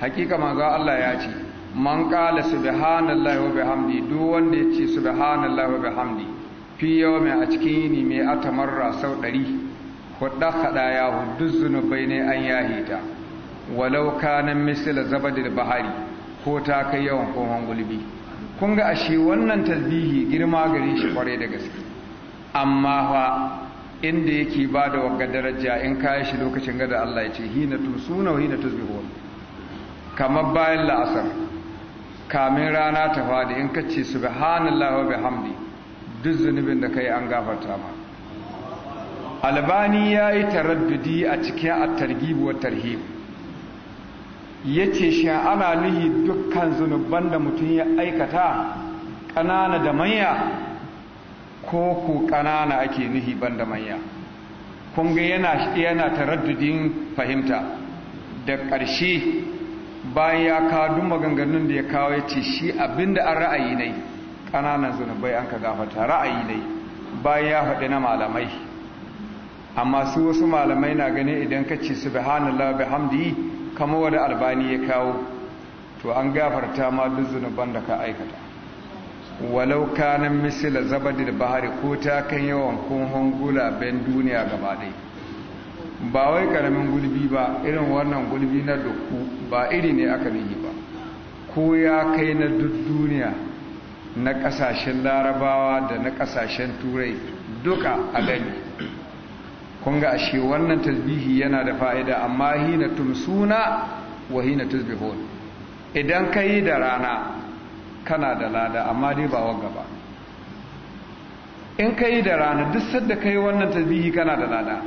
hakika manzo Allah ya ce man qala subhanallahi wa bihamdi duk wanda ya ce subhanallahi wa bihamdi fi yawmi a cikin yini mai atamarra sau 100 hudda kada ya hudu zunubai ne an yahita walau kana misla zabadil bahari ko ta kai yawan kohon gulbi kun ga ashe wannan tasbihi girma gare shi kware da gaske amma fa inda yake ba da wagga daraja in kayi shi lokacin gada Allah ya ce hina tusuna wa hina tusbihun kamar bayan la'asar kamin rana ta fadi in ka ce subhanallah wa bihamdi duk zunubin da kai an gafarta ma albani ya yi taraddudi a cikin at-targhib wa tarhib yace shi ana nuhi dukkan zunuban da mutum ya aikata ƙanana da manya ko ku ƙanana ake nuhi banda manya kun ga yana yana taraddudin fahimta da ƙarshe bayan ya kawo duk maganganun da ya kawo ya ce shi abinda an ra'ayi ne ƙananan zunubai an ka gafata ra'ayi ne bayan ya faɗi na malamai amma su wasu malamai na gani idan ka ce subhanallah bihamdi kama wani albani ya kawo to an gafarta ma duk zunuban da ka aikata walau kanan misila da bahari ko ta kan yawan kunhon gulaben duniya gaba dai ba wai karamin gulbi ba irin wannan gulbi na duku ba iri ne aka nihi ba ko ya kai na duk duniya na kasashen larabawa da na ƙasashen turai duka a gani kun ga ashe wannan tasbihi yana da fa'ida amma hina tumsuna wa hina tasbihon idan ka yi da rana kana da lada amma dai ba wagga ba in ka yi da rana duk sadda ka yi wannan tasbihi kana da lada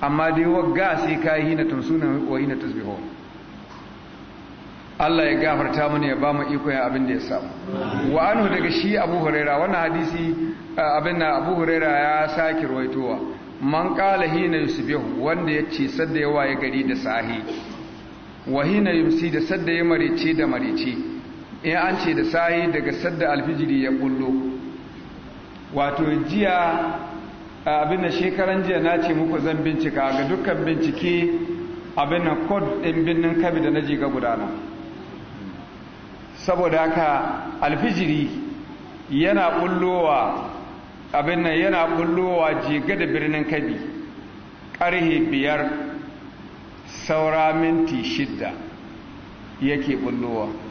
amma dai wagga sai ka yi na suna wa yi na tasbiho Allah ya gafarta mana ya ba mu iko ya abin da ya samu wa anu daga shi Abu Huraira wannan hadisi abin na Abu Huraira ya saki ruwaitowa man qala hina yusbihu wanda ya ce sadda ya waye gari da sahi wa hina yumsi da sadda ya marice da marice in an ce da sayi daga sadda alfijiri ya kullo wato jiya abin da shekaran jiya na ce muku zan bincika ga dukkan bincike abin da kod ɗin birnin kabi da na ga gudana saboda haka alfijiri yana kullowa abin nan yana kullowa ga da birnin kabi ƙarhe biyar saura minti shidda yake kullowa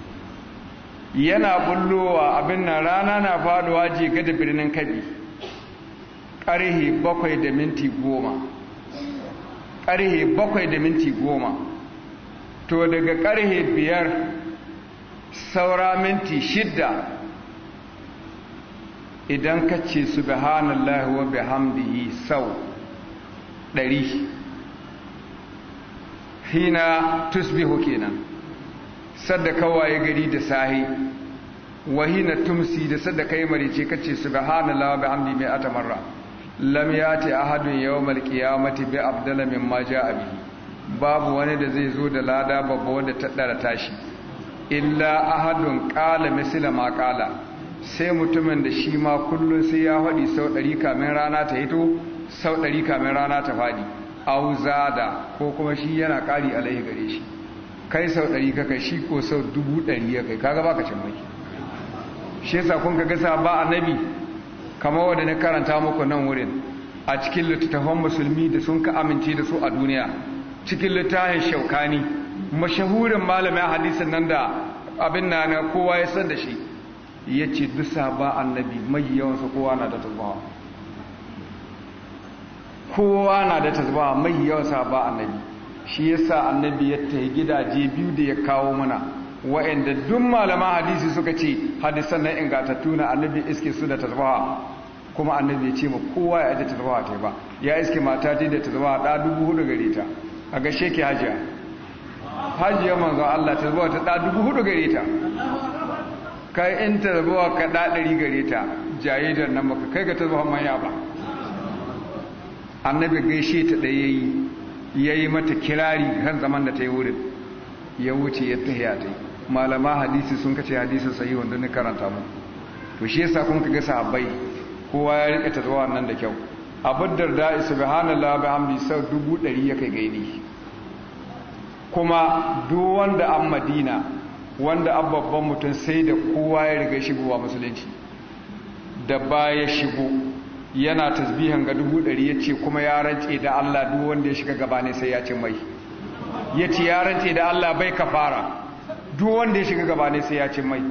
yana bullowa abin nan rana na faduwa jega gada birnin kabi ƙarhe bakwai da minti goma ƙarhe bakwai da minti goma to daga ƙarhe biyar saura minti shidda idan ka ce su subhanallahi wa bihamdihi sau ɗari hina tusbihu kenan sadda kawaye gari da sahi wahina tumsi da sadda kai marice kace subhanallahi wa bihamdi mai atamarra lam yati ahadun yawmal qiyamati bi afdala mimma jaa bihi babu wani da zai zo da lada babba wanda ta dara tashi illa ahadun qala misla ma qala sai mutumin da shi ma kullun sai ya fadi sau ɗari kamin rana ta hito sau ɗari kamin rana ta fadi auzada ko kuma shi yana ƙari alai gare shi kai sau ɗari ka kai shi ko sau dubu ɗari ya kai kaga baka cin maki shi yasa kun kaga sahaba annabi kamar wanda na karanta muku nan wurin a cikin littattafan musulmi da sun ka amince da su a duniya cikin littafin shaukani mashahurin malamin hadisin nan da abin na na kowa ya san da shi ya ce duk sahaba annabi mai yawansa kowa na da tasbawa kowa na da tasbawa mai yawan sahaba annabi shi yasa annabi ya tahi gidaje biyu da ya kawo mana wa'anda duk malaman hadisi suka ce hadisan nan ingantattu na annabi iske su da tasbaha kuma annabi ya ce ma kowa ya aje tasbaha ta ba ya iske mata ta da tasbaha da dubu hudu gare ta a ga sheki hajiya hajiya manzo Allah tasbaha ta da dubu hudu gare ta kai in tasbaha ka da dari gare ta jayyidar nan maka kai ga tasbaha manya ba annabi gaishe ta da yayi ya yi mata kirari kan zaman da ta yi wurin ya wuce ya ta ta malama hadisi sun kace hadisi sayi wanda ni karanta mu to shi yasa kun kaga sahabbai kowa ya rika zuwa nan da kyau abuddar da subhanallah bihamdi sau dubu ɗari ya kai gaini kuma duk wanda an madina wanda an babban mutum sai da kowa ya riga shigowa musulunci da baya shigo yana tasbihan ga dubu ɗari ya ce kuma ya rance da Allah duk wanda ya shiga gaba ne sai ya ce mai ya ce ya rance da Allah bai kafara duk wanda ya shiga gaba ne sai ya ce mai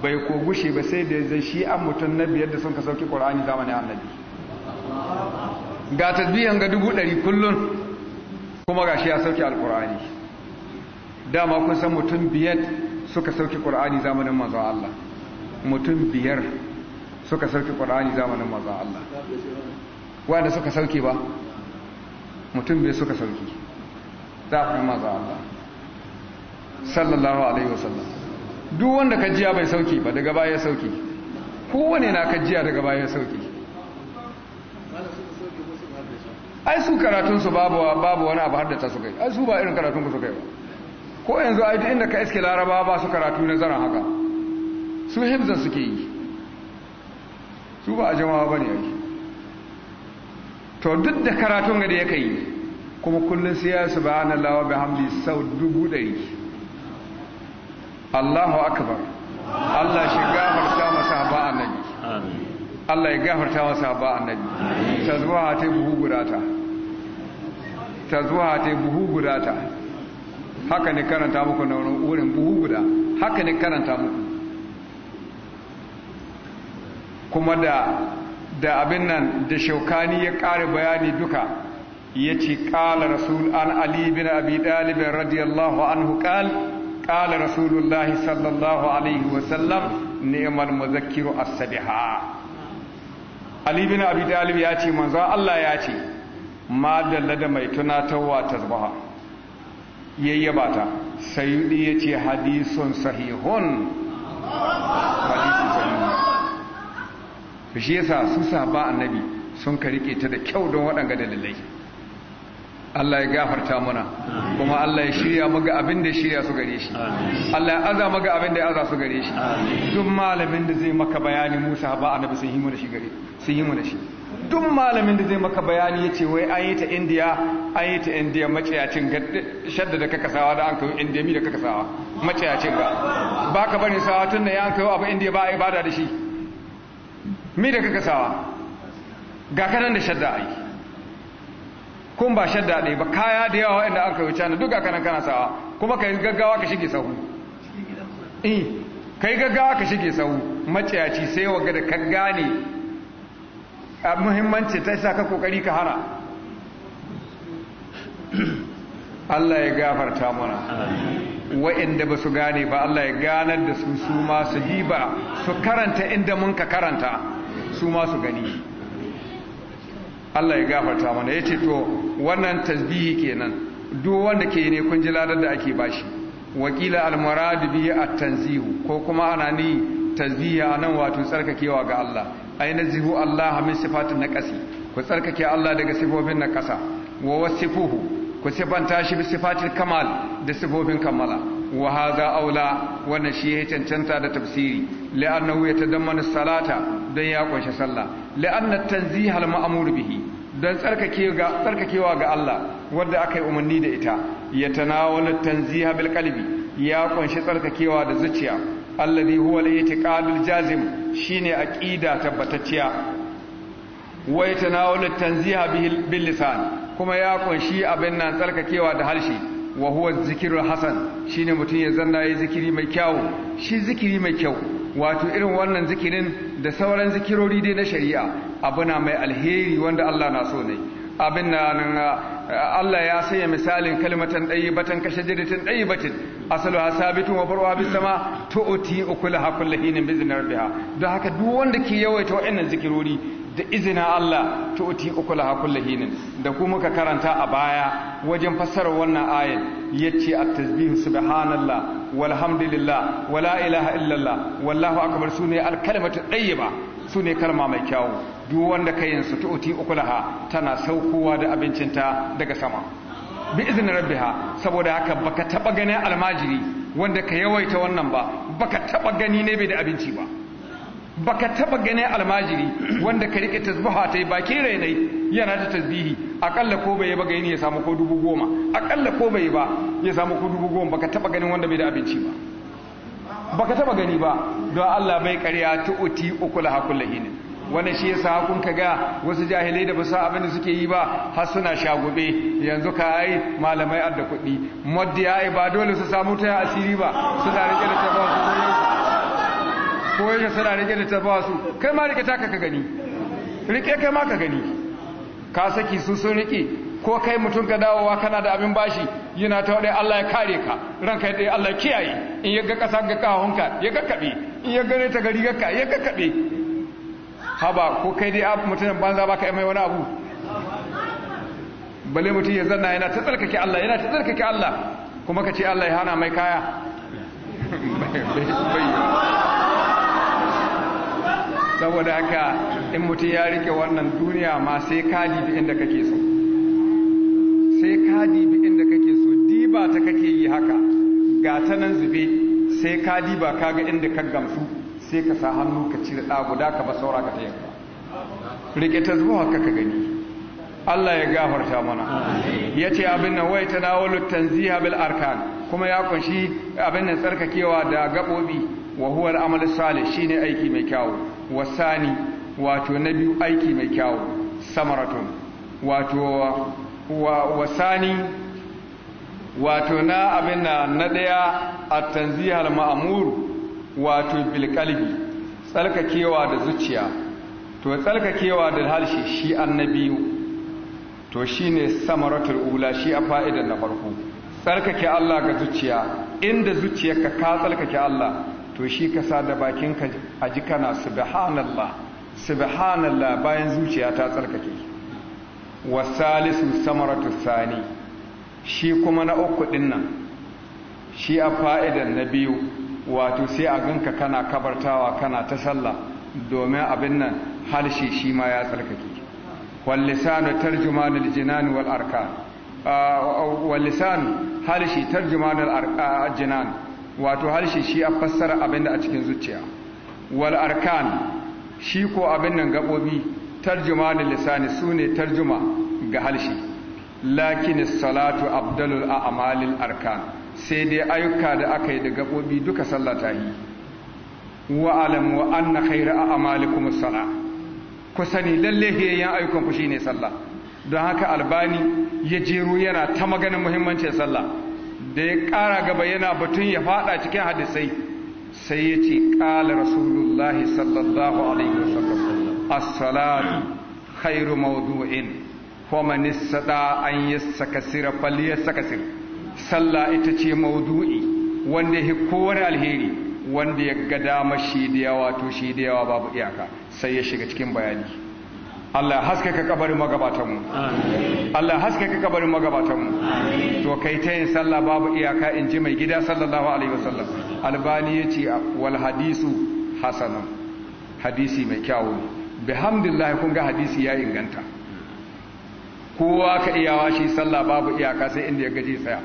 bai ko gushe ba sai da zai shi an mutum na biyar da sun ka sauki ƙorani zamanin annabi ga tasbihan ga dubu ɗari kullum kuma ga shi ya sauki alƙorani dama kun san mutum biyar suka sauki ƙorani zamanin manzon Allah mutum biyar suka sauke ƙwararri zamanin mazan Allah wanda suka sauke ba mutum bai suka sauke zamanin mazan Allah sallallahu alaihi wasallam duk wanda kajiya bai sauke ba daga baya sauke kowane na kajiya daga baya sauke ai su karatunsu babu wani abu har da ta su kai ai su ba irin karatun su kai ba ko yanzu ai duk inda ka iske laraba ba su karatu na zaran haka su hibzan suke yi su ba a jama'a ba ne ake to duk da karatun da ya kai kuma kullum sai ya su bayan lawa wa hamdi sau dubu ɗari Allahu akbar Allah shi gafarta masa ba nan Allah ya gafarta masa ba nan ta zuwa ta buhu gudata ta zuwa ta buhu gudata haka ne karanta muku na wurin buhu guda haka ne karanta muku kuma da da abin nan da shaukani ya ƙare bayani duka ya ce ƙala rasul an ali bin abi ɗalibin radiyallahu anhu ƙal ƙala rasulullahi sallallahu alaihi wasallam ni'mal muzakkiru as-sabiha ali bin abi ɗalib ya ce manzo Allah ya ce ma dalla da mai tunatarwa tasbaha yayyaba ta sayyidi ya ce hadisun sahihun hadisi sahihun to shi yasa su saba annabi sun ka rike ta da kyau don waɗanga dalilai Allah ya gafarta muna kuma Allah ya shirya ga abin da shirya su gare shi Allah ya aza ga abin da ya aza su gare shi duk malamin da zai maka bayani Musa ba annabi sun yi mu da shi gare sun yi mu da shi duk malamin da zai maka bayani yace wai an yi ta India an yi ta India maciyacin shadda da kaka sawa da an kai India mi da kaka sawa maciyacin ba baka bari sawa tun ya an kai abu India ba ibada da shi mi da kaka sawa ga kanan da shadda ai kun ba shadda ne ba kaya da yawa inda an kawo cana duk ga kanan kana sawa kuma ka yi gaggawa ka shige sahu eh ka yi gaggawa ka shige sahu maciyaci sai waga da ka gane a muhimmanci ta sa ka kokari ka hana Allah ya gafarta mana wa'inda ba su gane ba Allah ya ganar da su su masu su ba su karanta inda mun ka karanta su ma su gani Allah ya gafarta mana ya ce to wannan tasbihi kenan duk wanda ke ne kun ji da ake bashi wakila almurad bi at-tanzihu ko kuma ana ni tasbihi anan wato tsarkakewa ga Allah aina zihu Allah min sifatin naqasi ku tsarkake Allah daga sifofin naqasa wa wasifuhu ku sifanta shi bi sifatil kamal da sifofin kamala wa hadha aula wannan shi ya cancanta da tafsiri li'annahu yatadammanu salata don ya kunshi sallah li'anna tanzihal ma'mur bihi don tsarkakewa ga Allah wadda aka yi umarni da ita ya tanawala tanziha bil qalbi ya kunshi tsarkakewa da zuciya alladhi huwa al-i'tiqadul jazim shine aqida tabbatacciya wa yatanawala tanziha bil lisan kuma ya ƙunshi abin nan tsarkakewa da harshe wa huwa Hassan hasan shine mutum ya zanna yayi zikiri mai kyau shi zikiri mai kyau wato irin wannan zikirin da sauran zikirori dai na shari'a abu na mai alheri wanda Allah na so ne abin na Allah ya sanya misalin kalmatan ɗayyibatan kashe jiritin ɗayyibatin asalu ha sabitun wa farwa bis sama tu'ti ukulaha kullu hinin bi rabbiha don haka duk wanda ke yawaita wa'annan zikirori da izina Allah tu'ti ukulaha kullu hinin da ku muka karanta a baya wajen fassarar wannan ya yace a tasbihu subhanallah walhamdulillah wala ilaha illallah wallahu akbar sune al-kalimatu su sune kalma mai kyawu duk wanda kayin su uku laha tana saukowa da abincinta daga sama bi izinin rabbiha saboda haka baka taba ganin almajiri wanda ka yawaita wannan ba baka taba gani ne bai da abinci ba baka taba ganin almajiri wanda ka rike tasbaha ta baki rainai yana da tasbihi akalla ko bai ba gani ya samu ko dubu goma akalla ko bai ba ya samu ko dubu goma baka taba ganin wanda bai da abinci ba baka taba gani ba don Allah bai ƙarya tu'ti ukula hakullahinin wannan shi yasa kun kaga wasu jahilai da basu abin da suke yi ba har suna shagube yanzu ka ai malamai adda kuɗi maddiya ba dole su samu ta asiri ba suna rike da tabon su ko yake suna rike da ba su kai ma rike taka ka gani rike kai ma ka gani ka saki su sun rike ko kai mutum ka dawowa kana da abin bashi yana ta wadai Allah ya kare ka ranka dai Allah ya kiyaye in ya ga kasa ga kahonka ya kakkabe in ya gare ta gari ka ya kakkabe haba ko kai dai mutumin banza baka yi mai wani abu bale mutum ya zanna yana ta tsarkake Allah yana ta tsarkake Allah kuma ka ce Allah ya hana mai kaya saboda haka in mutum ya rike wannan duniya ma sai ka dibi inda kake so sai ka dibi inda kake so diba ta kake yi haka ga ta nan zube sai ka diba ka ga inda ka gamsu sai ka sa hannu ka cire da guda ka ba saura ka ta rike ta zuwa haka ka gani Allah ya gafarta mana ya ce abin nan wai ta nawalu tanziha bil arkan kuma ya kunshi abin nan tsarkakewa da gaɓoɓi wa huwa al-amal salih shine aiki mai kyawu wasani wato na biyu aiki mai kyawu samaratun wato wa wasani wato na abin na na daya a tanzihar ma'amur wato bilkalbi tsarkakewa da zuciya to tsarkakewa da harshe shi annabiyu to shine samaratul ula shi a fa'idan na farko tsarkake Allah ga zuciya inda zuciyarka ka tsarkake Allah to shi ka sa da bakinka a ji kana subhanallah subhanallah bayan zuciya ta tsarkake wasalisu samaratu sani shi kuma na uku din nan shi a fa'idan na biyu wato sai a ganka kana kabartawa kana ta sallah domin abin nan halshe shi ma ya tsarkake wallisanu tarjumanul jinan wal arkan wallisanu tarjumanul wato harshe shi a fassara abin da a cikin zuciya wal arkan shi ko abin nan gabobi tarjuma da lisani su ne tarjuma ga harshe lakin salatu abdalul a'malil arkan sai dai ayyuka da aka yi da gabobi duka sallah ta yi wa alam wa anna khayra a'malikum as-salah ku sani lalle ayyukan ku shine sallah don haka albani ya jero yana ta maganin muhimmancin sallah da ya ƙara gaba yana batun ya faɗa cikin hadisai sai ya ce ƙala rasulullahi sallallahu alaihi wasallam as-salatu khairu mawdu'in wa man istada an ya falyasakasir sallah ita ce mawdu'i wanda ya kowane alheri wanda ya ga dama shi da to shi babu iyaka sai ya shiga cikin bayani Allah haske ka kabarin magabatanmu Allah haske ka kabarin magabatanmu to kai ta yin sallah babu iyaka in ji mai gida sallallahu alaihi wasallam albani ya ce wal hadisu hasanan hadisi mai kyawu bihamdillah kun ga hadisi ya inganta kowa ka iyawa shi sallah babu iyaka sai inda ya gaji tsaya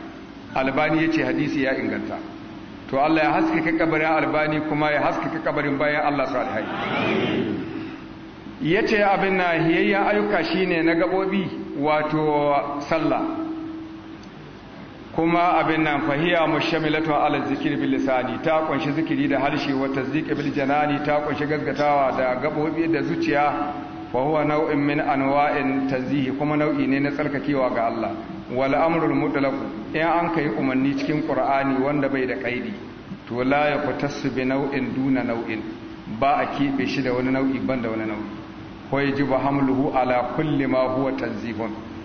albani ya ce hadisi ya inganta to Allah ya haske ka kabarin albani kuma ya haske ka kabarin bayan Allah salihai ya ce abin na hiyayyen ayyuka shine na gabobi wato sallah kuma abin nan fahiya mushamilatu ala zikir bil lisani ta kunshi zikiri da harshe wa tasdiq bil janani ta kunshi gaggatawa da gabobi da zuciya fa huwa nau'in min anwa'in tazihi kuma nau'i ne na tsarkakewa ga Allah wal amrul mutlaq in an kai umarni cikin qur'ani wanda bai da kaidi to la yaqtasu bi nau'in duna nau'in ba a kebe shi da wani nau'i ban da wani nau'i wai jiba hamluhu ala kulli ma huwa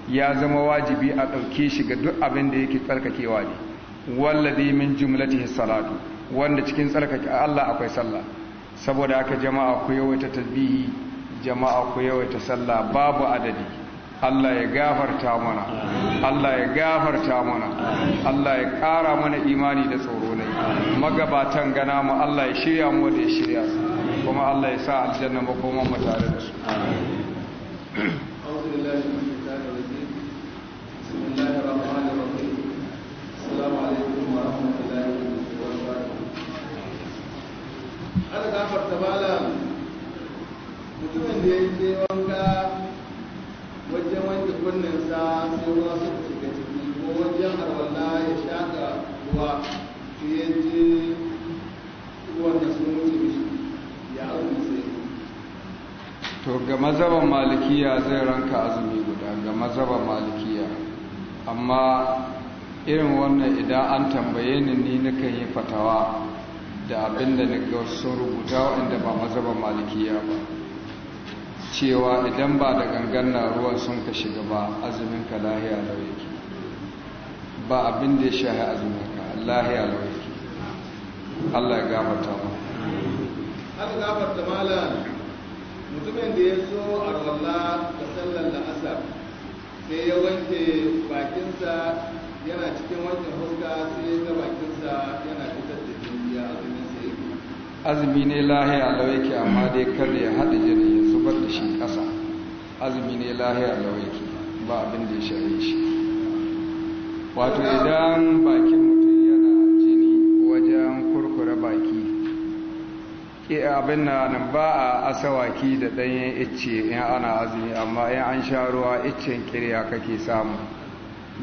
ya zama wajibi a ɗauke shi ga duk abin da yake tsarkakewa ne wallazi min jumlatihi salatu wanda cikin tsarkake Allah akwai sallah saboda haka jama'a ku yawaita tasbihi jama'a ku yawaita sallah babu adadi Allah ya gafarta mana Allah ya gafarta mana Allah ya kara mana imani da tsoro ne magabatan gana mu Allah ya shirya mu da ya shirya su kuma Allah ya sa aljanna kuma mu tare da su bala mutumin da ya ce wanka wajen wanke kunninsa sai ruwa su shiga ciki ko wajen arwala ya shaƙa ruwa shi ya ruwan da sun wuce mishi to ga mazhaban malikiya zai ranka azumi guda ga mazhaban malikiya amma irin wannan idan an tambaye ni ni nakan yi fatawa da abin da na sun rubuta waɗanda ba mazhaban malikiya ba cewa idan ba da gangan ruwan sun ka shiga ba azumin ka lahiya lauyaki ba abin da ya shahi azumin ka lahiya lauyaki Allah ya gafarta ma Allah ya gafarta malam mutumin da ya zo a rola da sallar da asar sai ya wanke bakinsa yana cikin wankin huska sai ya ga bakinsa yana fitar da jiniya azumin sa yake azumi ne lahiya lau yake amma dai kar ya haɗa jini ya zubar da shi ƙasa azumi ne lahiya lau yake ba abin da ya shari'a shi wato idan bakin mutum abin na nan ba a asawaki da ɗanyen icce in ana azumi amma in an sha ruwa iccen kirya kake samu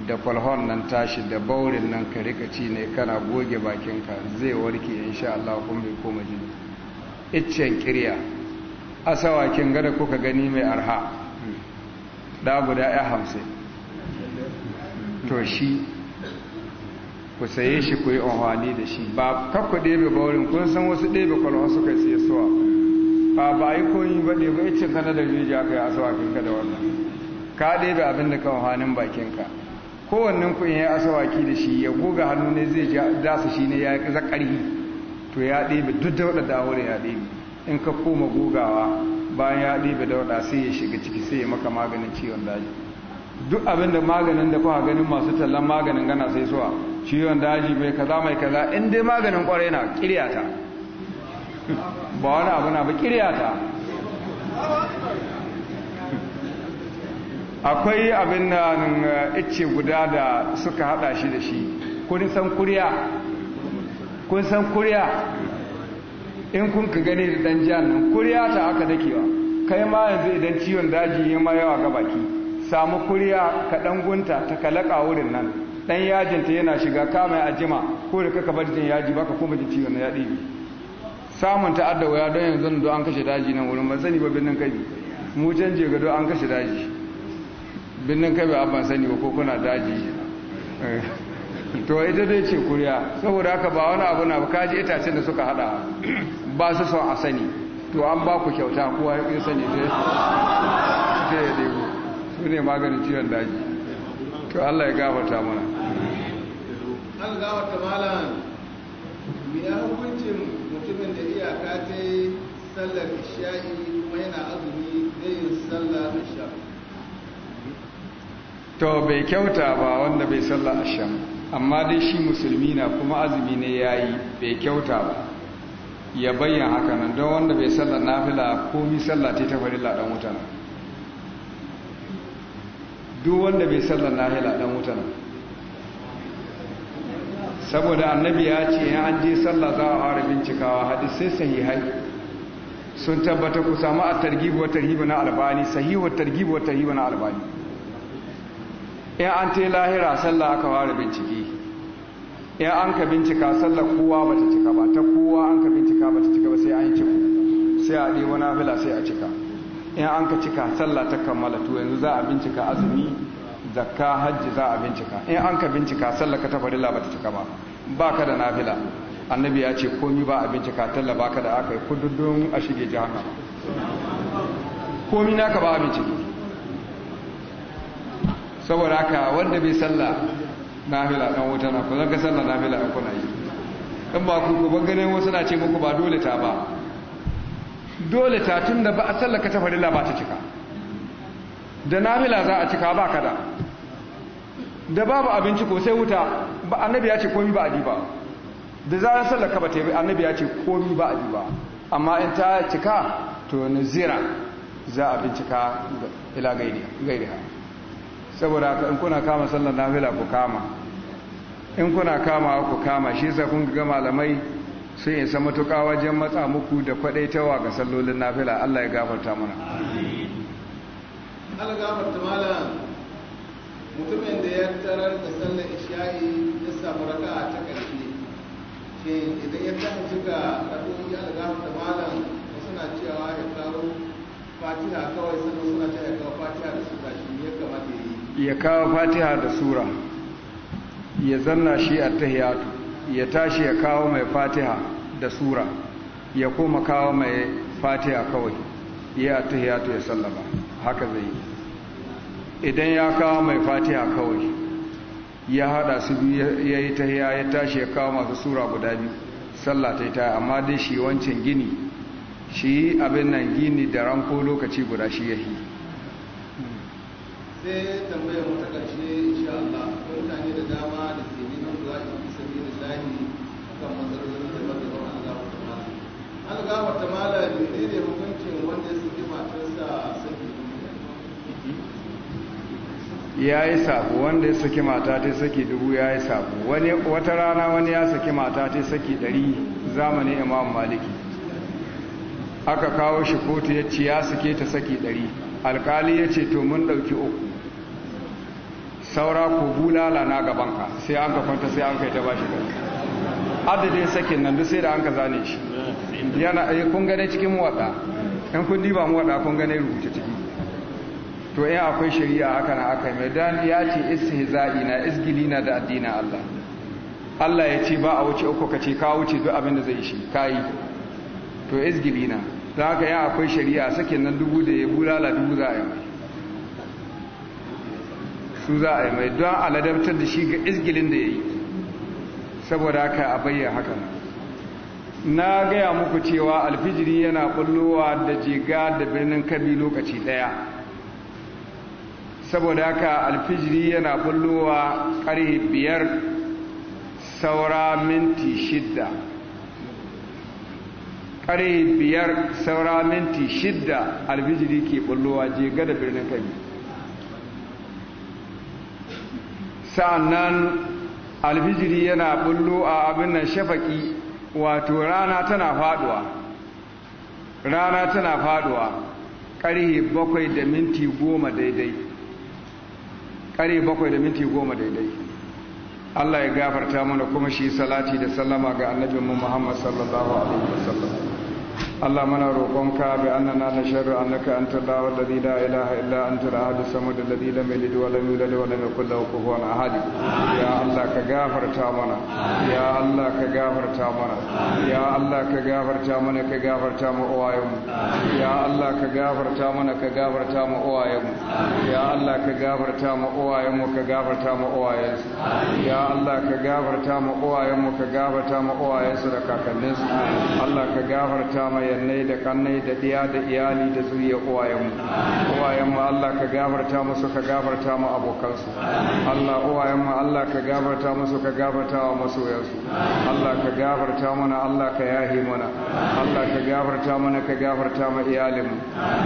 da falhon nan tashi da baurin nan ka rika ci ne kana goge bakinka zai warke in sha Allah kun bai koma jini iccen kirya asawakin gada kuka gani mai arha da guda ya hamsin to shi ku saye shi ku yi amfani da shi ba kakku ɗebe baurin kun san wasu ɗebe kwalwa suka yi siya suwa ba ba yi koyi ba ɗebe icin kana da rijiya ka yi asawakinka da wannan ka ɗebe abin da ka amfanin bakinka kowannen ku in ya asawaki da shi ya goga hannu ne zai dasa shi ne ya yi zakarhi to ya ɗebe duk da waɗanda aure ya ɗebe in ka koma gogawa bayan ya ɗebe dauɗa sai ya shiga ciki sai ya maka maganin ciwon daji duk abin da maganin da kuka ganin masu tallan maganin gana sai suwa ciwon daji mai kaza mai kaza in dai maganin kwarai na kiryata ba wani abu na ba kiryata akwai abin da uh, ice guda da suka hada shi da shi kun san kuriya kun san kuriya in kun ka gani da dan jiyan nan kuriya ta aka dakewa kai ma yanzu idan ciwon daji ya ma yawa ga baki samu kuriya ka dangunta ta kalaka wurin nan dan yajinta yana shiga kama a jima ko da kaka bar jin yaji baka kuma jin ciwon yaɗi ne. samun ta adda waya don yanzu don an kashe daji nan wurin ban sani ba birnin kabi mu canje ga an kashe daji birnin kabi a ban sani ba ko kuna daji eh, to ita dai ce kuriya saboda haka ba wani abu na kaji itacen da suka hada ba su son a sani to an ba ku kyauta kowa ya sani ta yi dego su ne maganin ciwon daji to Allah ya gafarta mana an gawa ta malam ya hukuncin mutumin da iyaka ta yi sallar isha'i kuma yana azumi zai yi sallar isha to bai kyauta ba wanda bai sallar isha amma dai shi musulmi na kuma azumi ne ya yi bai kyauta ba ya bayyana nan, don wanda bai sallar nafila komi salla ta farilla dan wuta duk wanda bai sallar nafila dan wuta saboda annabi ya ce in an je sallah za a fara bincikawa hadisai sahihai sun tabbata ku samu a targibu wa tarhibu na albani sahihu targibu wa tarhibu na albani in an ta lahira sallah aka fara bincike in an ka bincika sallah kowa ba ta cika ba ta kowa an ka bincika ba ta cika ba sai an yi ciko sai a ɗewa nafila sai a cika in an ka cika sallah ta kammala to yanzu za a bincika azumi zakka hajji za a bincika in an ka bincika sallaka ka ta farilla ba ta cika ba ba ka da nafila annabi ya ce komi ba a bincika talla ba ka da aka yi kududdun a shige jihanna komi naka ba a bincike saboda haka wanda bai sallah nafila ɗan wuta na ku zan ka sallah nafila ɗan kuna yi in ba ku ku ganin wasu na ce muku ba dole ta ba dole ta tun da ba a sallaka ka ta farilla ba ta cika da nafila za a cika ba ka da. da babu abinci ko sai wuta ba annabi ya ce komi ba adi ba da a sallaka ba ta yi annabi ya ce komi ba adi ba amma in ta cika to zira za a bincika ila gairi ha saboda in kuna kama sallar nafila ku kama in kuna kama ku kama shi sa kun ga malamai sun isa matuƙa wajen matsa muku da kwadaitawa ga sallolin nafila Allah ya gafarta mana Allah gafarta malam mutumin da ya tarar da sallar isha'i ya samu raka a ta ƙarshe ke idan ya tafi cika ƙarfin a algafa da malam da suna cewa ya kawo fatiha kawai sannan suna cewa ya kawo fatiha da sura shi ya kamata ya yi ya kawo fatiha da sura ya zanna shi a tahiyatu ya tashi ya kawo mai fatiha da sura ya koma kawo mai fatiha kawai ya a tahiyatu ya sallama haka zai yi idan ya kawo mai fatiha kawai ya hada su biyu ya yi ta ya tashi ya kawo masu sura guda biyu sallah ta yi ta amma dai shi wancan gini shi abin nan gini da ranko lokaci guda shi ya yi sai tambayar da dama da ke ne ne hukuncin wanda suke matarsa ya yi sabo wanda ya saki mata ta saki dubu ya yi sabo wata rana wani ya saki mata ta saki ɗari zamani imam maliki aka kawo shi kotu ya ce ya sake ta saki ɗari alkali ya ce to mun ɗauki uku saura ko bulala na gabanka sai an kafanta kwanta sai an kai ta bashi gari adadin sakin nan duk sai da an ka zane shi yana eh, kun gane cikin waɗa in kun diba mu waɗa kun gane ciki to in akwai shari'a haka na aka mai dan ya ce istihza'i na isgili na da addinin Allah Allah ya ce ba a wuce uku ka ce ka wuce duk abin da zai shi kayi to isgili na za haka ya akwai shari'a sakin nan dubu da ya bulala dubu za a yi mai su za a yi mai don aladabtar da shi ga isgilin da ya yi saboda haka a bayyana haka na gaya muku cewa alfijiri yana kullowa da jiga da birnin kabi lokaci daya saboda haka alfijiri yana bullowa ƙarhe biyar saura minti shidda ƙarhe biyar saura minti shidda alfijiri ke bullowa je gada birnin kabi sa'annan alfijiri yana bullo a abin nan shafaki wato rana tana faduwa rana tana faduwa ƙarhe bakwai da minti goma daidai kare bakwai da minti goma daidai Allah ya gafarta mana kuma shi salati da sallama ga annabinmu Muhammad sallallahu alaihi wasallam Allah mana roƙonka bi annana na sharri annaka anta Allah wallazi la ilaha illa anta al-ahad samad alladhi mai yalid wa lam yulad wa lam yakul lahu kufuwan ahad ya Allah ka gafarta mana ya Allah ka gafarta mana ya Allah ka gafarta mana ka gafarta mu uwayen ya Allah ka gafarta mana ka gafarta mu uwayen ya Allah ka gafarta mu uwayen mu ka gafarta mu uwayen ya Allah ka gafarta mu uwayen mu ka gafarta mu uwayen su da kakanninsu Allah ka gafarta mai da da kannai da diya da iyali da zuriya uwayenmu uwayenmu Allah ka gafarta musu ka gafarta mu abokansu Allah uwayenmu Allah ka gafarta musu ka gafarta wa masoyansu Allah ka gafarta mana Allah ka yahi mana Allah ka gafarta mana ka gafarta ma iyalin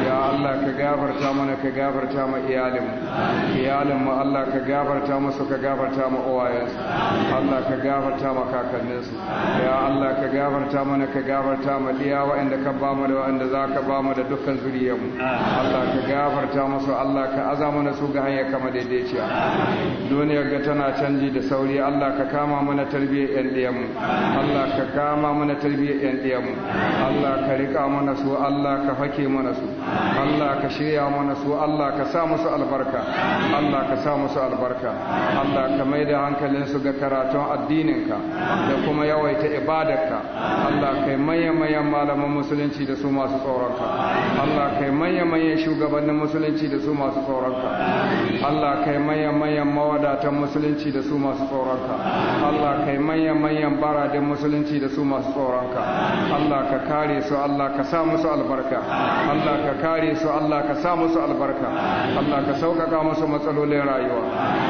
ya Allah ka gafarta mana ka gafarta ma iyalin mu Allah ka gafarta musu ka gafarta ma uwayensu Allah ka gafarta ma kakanninsu ya Allah ka gafarta mana ka gafarta ma diya wa'in wa'anda ka ba mu da wa'anda za ka ba mu da dukkan zuriyarmu Allah ka gafarta musu Allah ka aza mana su ga hanyar kama daidaiciya duniyar ga tana canji da sauri Allah ka kama mana tarbiyyar yan ɗiyanmu Allah ka kama mana tarbiyyar yan ɗiyanmu Allah ka rika mana su Allah ka hake mana su Allah ka shirya mana su Allah ka sa musu albarka Allah ka sa musu albarka Allah ka mai da su ga karatun addininka da kuma yawaita ibadarka Allah kai maye mayan malaman musulunci da su masu tsoronka Allah kai manya manyan shugabannin musulunci da su masu tsoronka Allah kai manya manyan mawadatan musulunci da su masu tsoronka Allah kai manya manyan baradin musulunci da su masu tsoronka Allah ka kare su Allah ka sa musu albarka Allah ka kare su Allah ka sa musu albarka Allah ka sauƙaƙa musu matsalolin rayuwa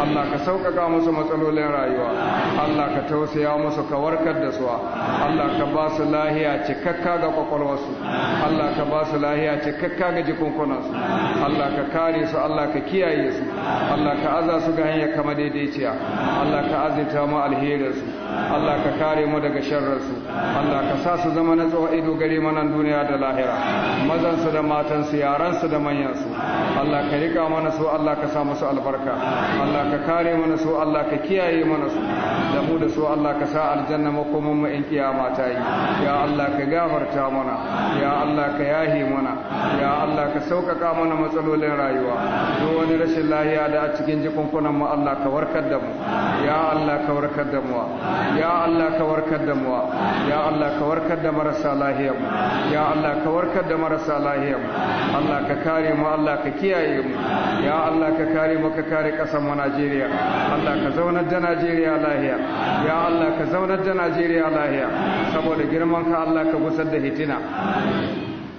Allah ka sauƙaƙa musu matsalolin rayuwa Allah ka tausaya musu ka warkar da su Allah ka ba su lahiya cikakka ga kwakwalwa shawarwarsu Allah ka ba su lahiya ce kakka ga su Allah ka kare su Allah ka kiyaye su Allah ka aza su ga hanya kama daidaiciya Allah ka azinta mu su Allah ka kare mu daga sharrarsu Allah ka sa su zama na tsawa ido gare mana duniya da lahira mazansu da matansu yaransu da manyansu Allah ka rika mana su Allah ka sa musu albarka Allah ka kare mana su Allah ka kiyaye mana su da mu da su Allah ka sa aljanna makomin mu in kiyama ta yi ya Allah ka gafarta mana ya Allah ka yahi mana ya Allah ka sauƙaƙa mana matsalolin rayuwa duk wani rashin lahiya da a cikin jikunkunan mu Allah ka warkar da mu ya Allah ka warkar da mu ya Allah ka warkar da mu ya Allah ka warkar da marasa lahiya mu ya Allah ka warkar da marasa lahiya mu Allah ka kare mu Allah ka kiyaye mu ya Allah ka kare mu ka kare kasar mu Najeriya Allah ka zaunar da Najeriya lahiya ya Allah ka zaunar da Najeriya lahiya saboda girman ka Allah ka gusar da hitina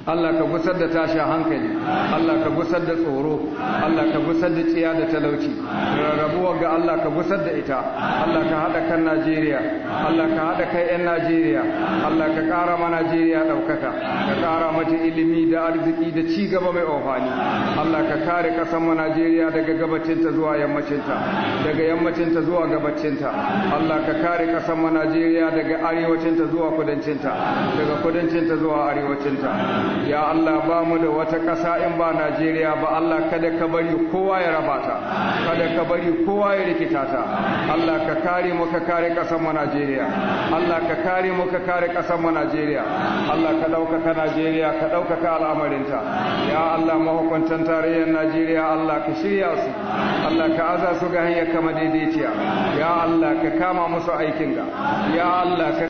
Allah ka gusar da tashin hankali Allah ka gusar da tsoro Allah ka gusar da tsiya da talauci rarrabuwa ga Allah ka gusar da ita Allah ka haɗa kan Najeriya Allah ka haɗa kai 'yan Najeriya Allah ka ƙara ma Najeriya ɗaukaka ka ƙara mata ilimi da arziki da ci gaba mai amfani Allah ka kare ƙasar mu Najeriya daga gabacinta zuwa yammacinta daga yammacinta zuwa gabacinta Allah ka kare ƙasar mu Najeriya daga arewacinta zuwa kudancinta daga kudancinta zuwa arewacinta ya Allah ba mu da wata ƙasa in ba Najeriya ba Allah kada ka bari kowa ya raba ta kada ka bari kowa ya rikita ta Allah ka kare mu ka kare ƙasar mu Najeriya Allah ka kare mu ka kare ƙasar mu Najeriya Allah ka ɗaukaka Najeriya ka ɗaukaka ta ya Allah mahukuntan tarayyar Najeriya Allah ka shirya su Allah ka aza su ga hanyar kama daidaiciya ya Allah ka kama musu aikin ga ya Allah ka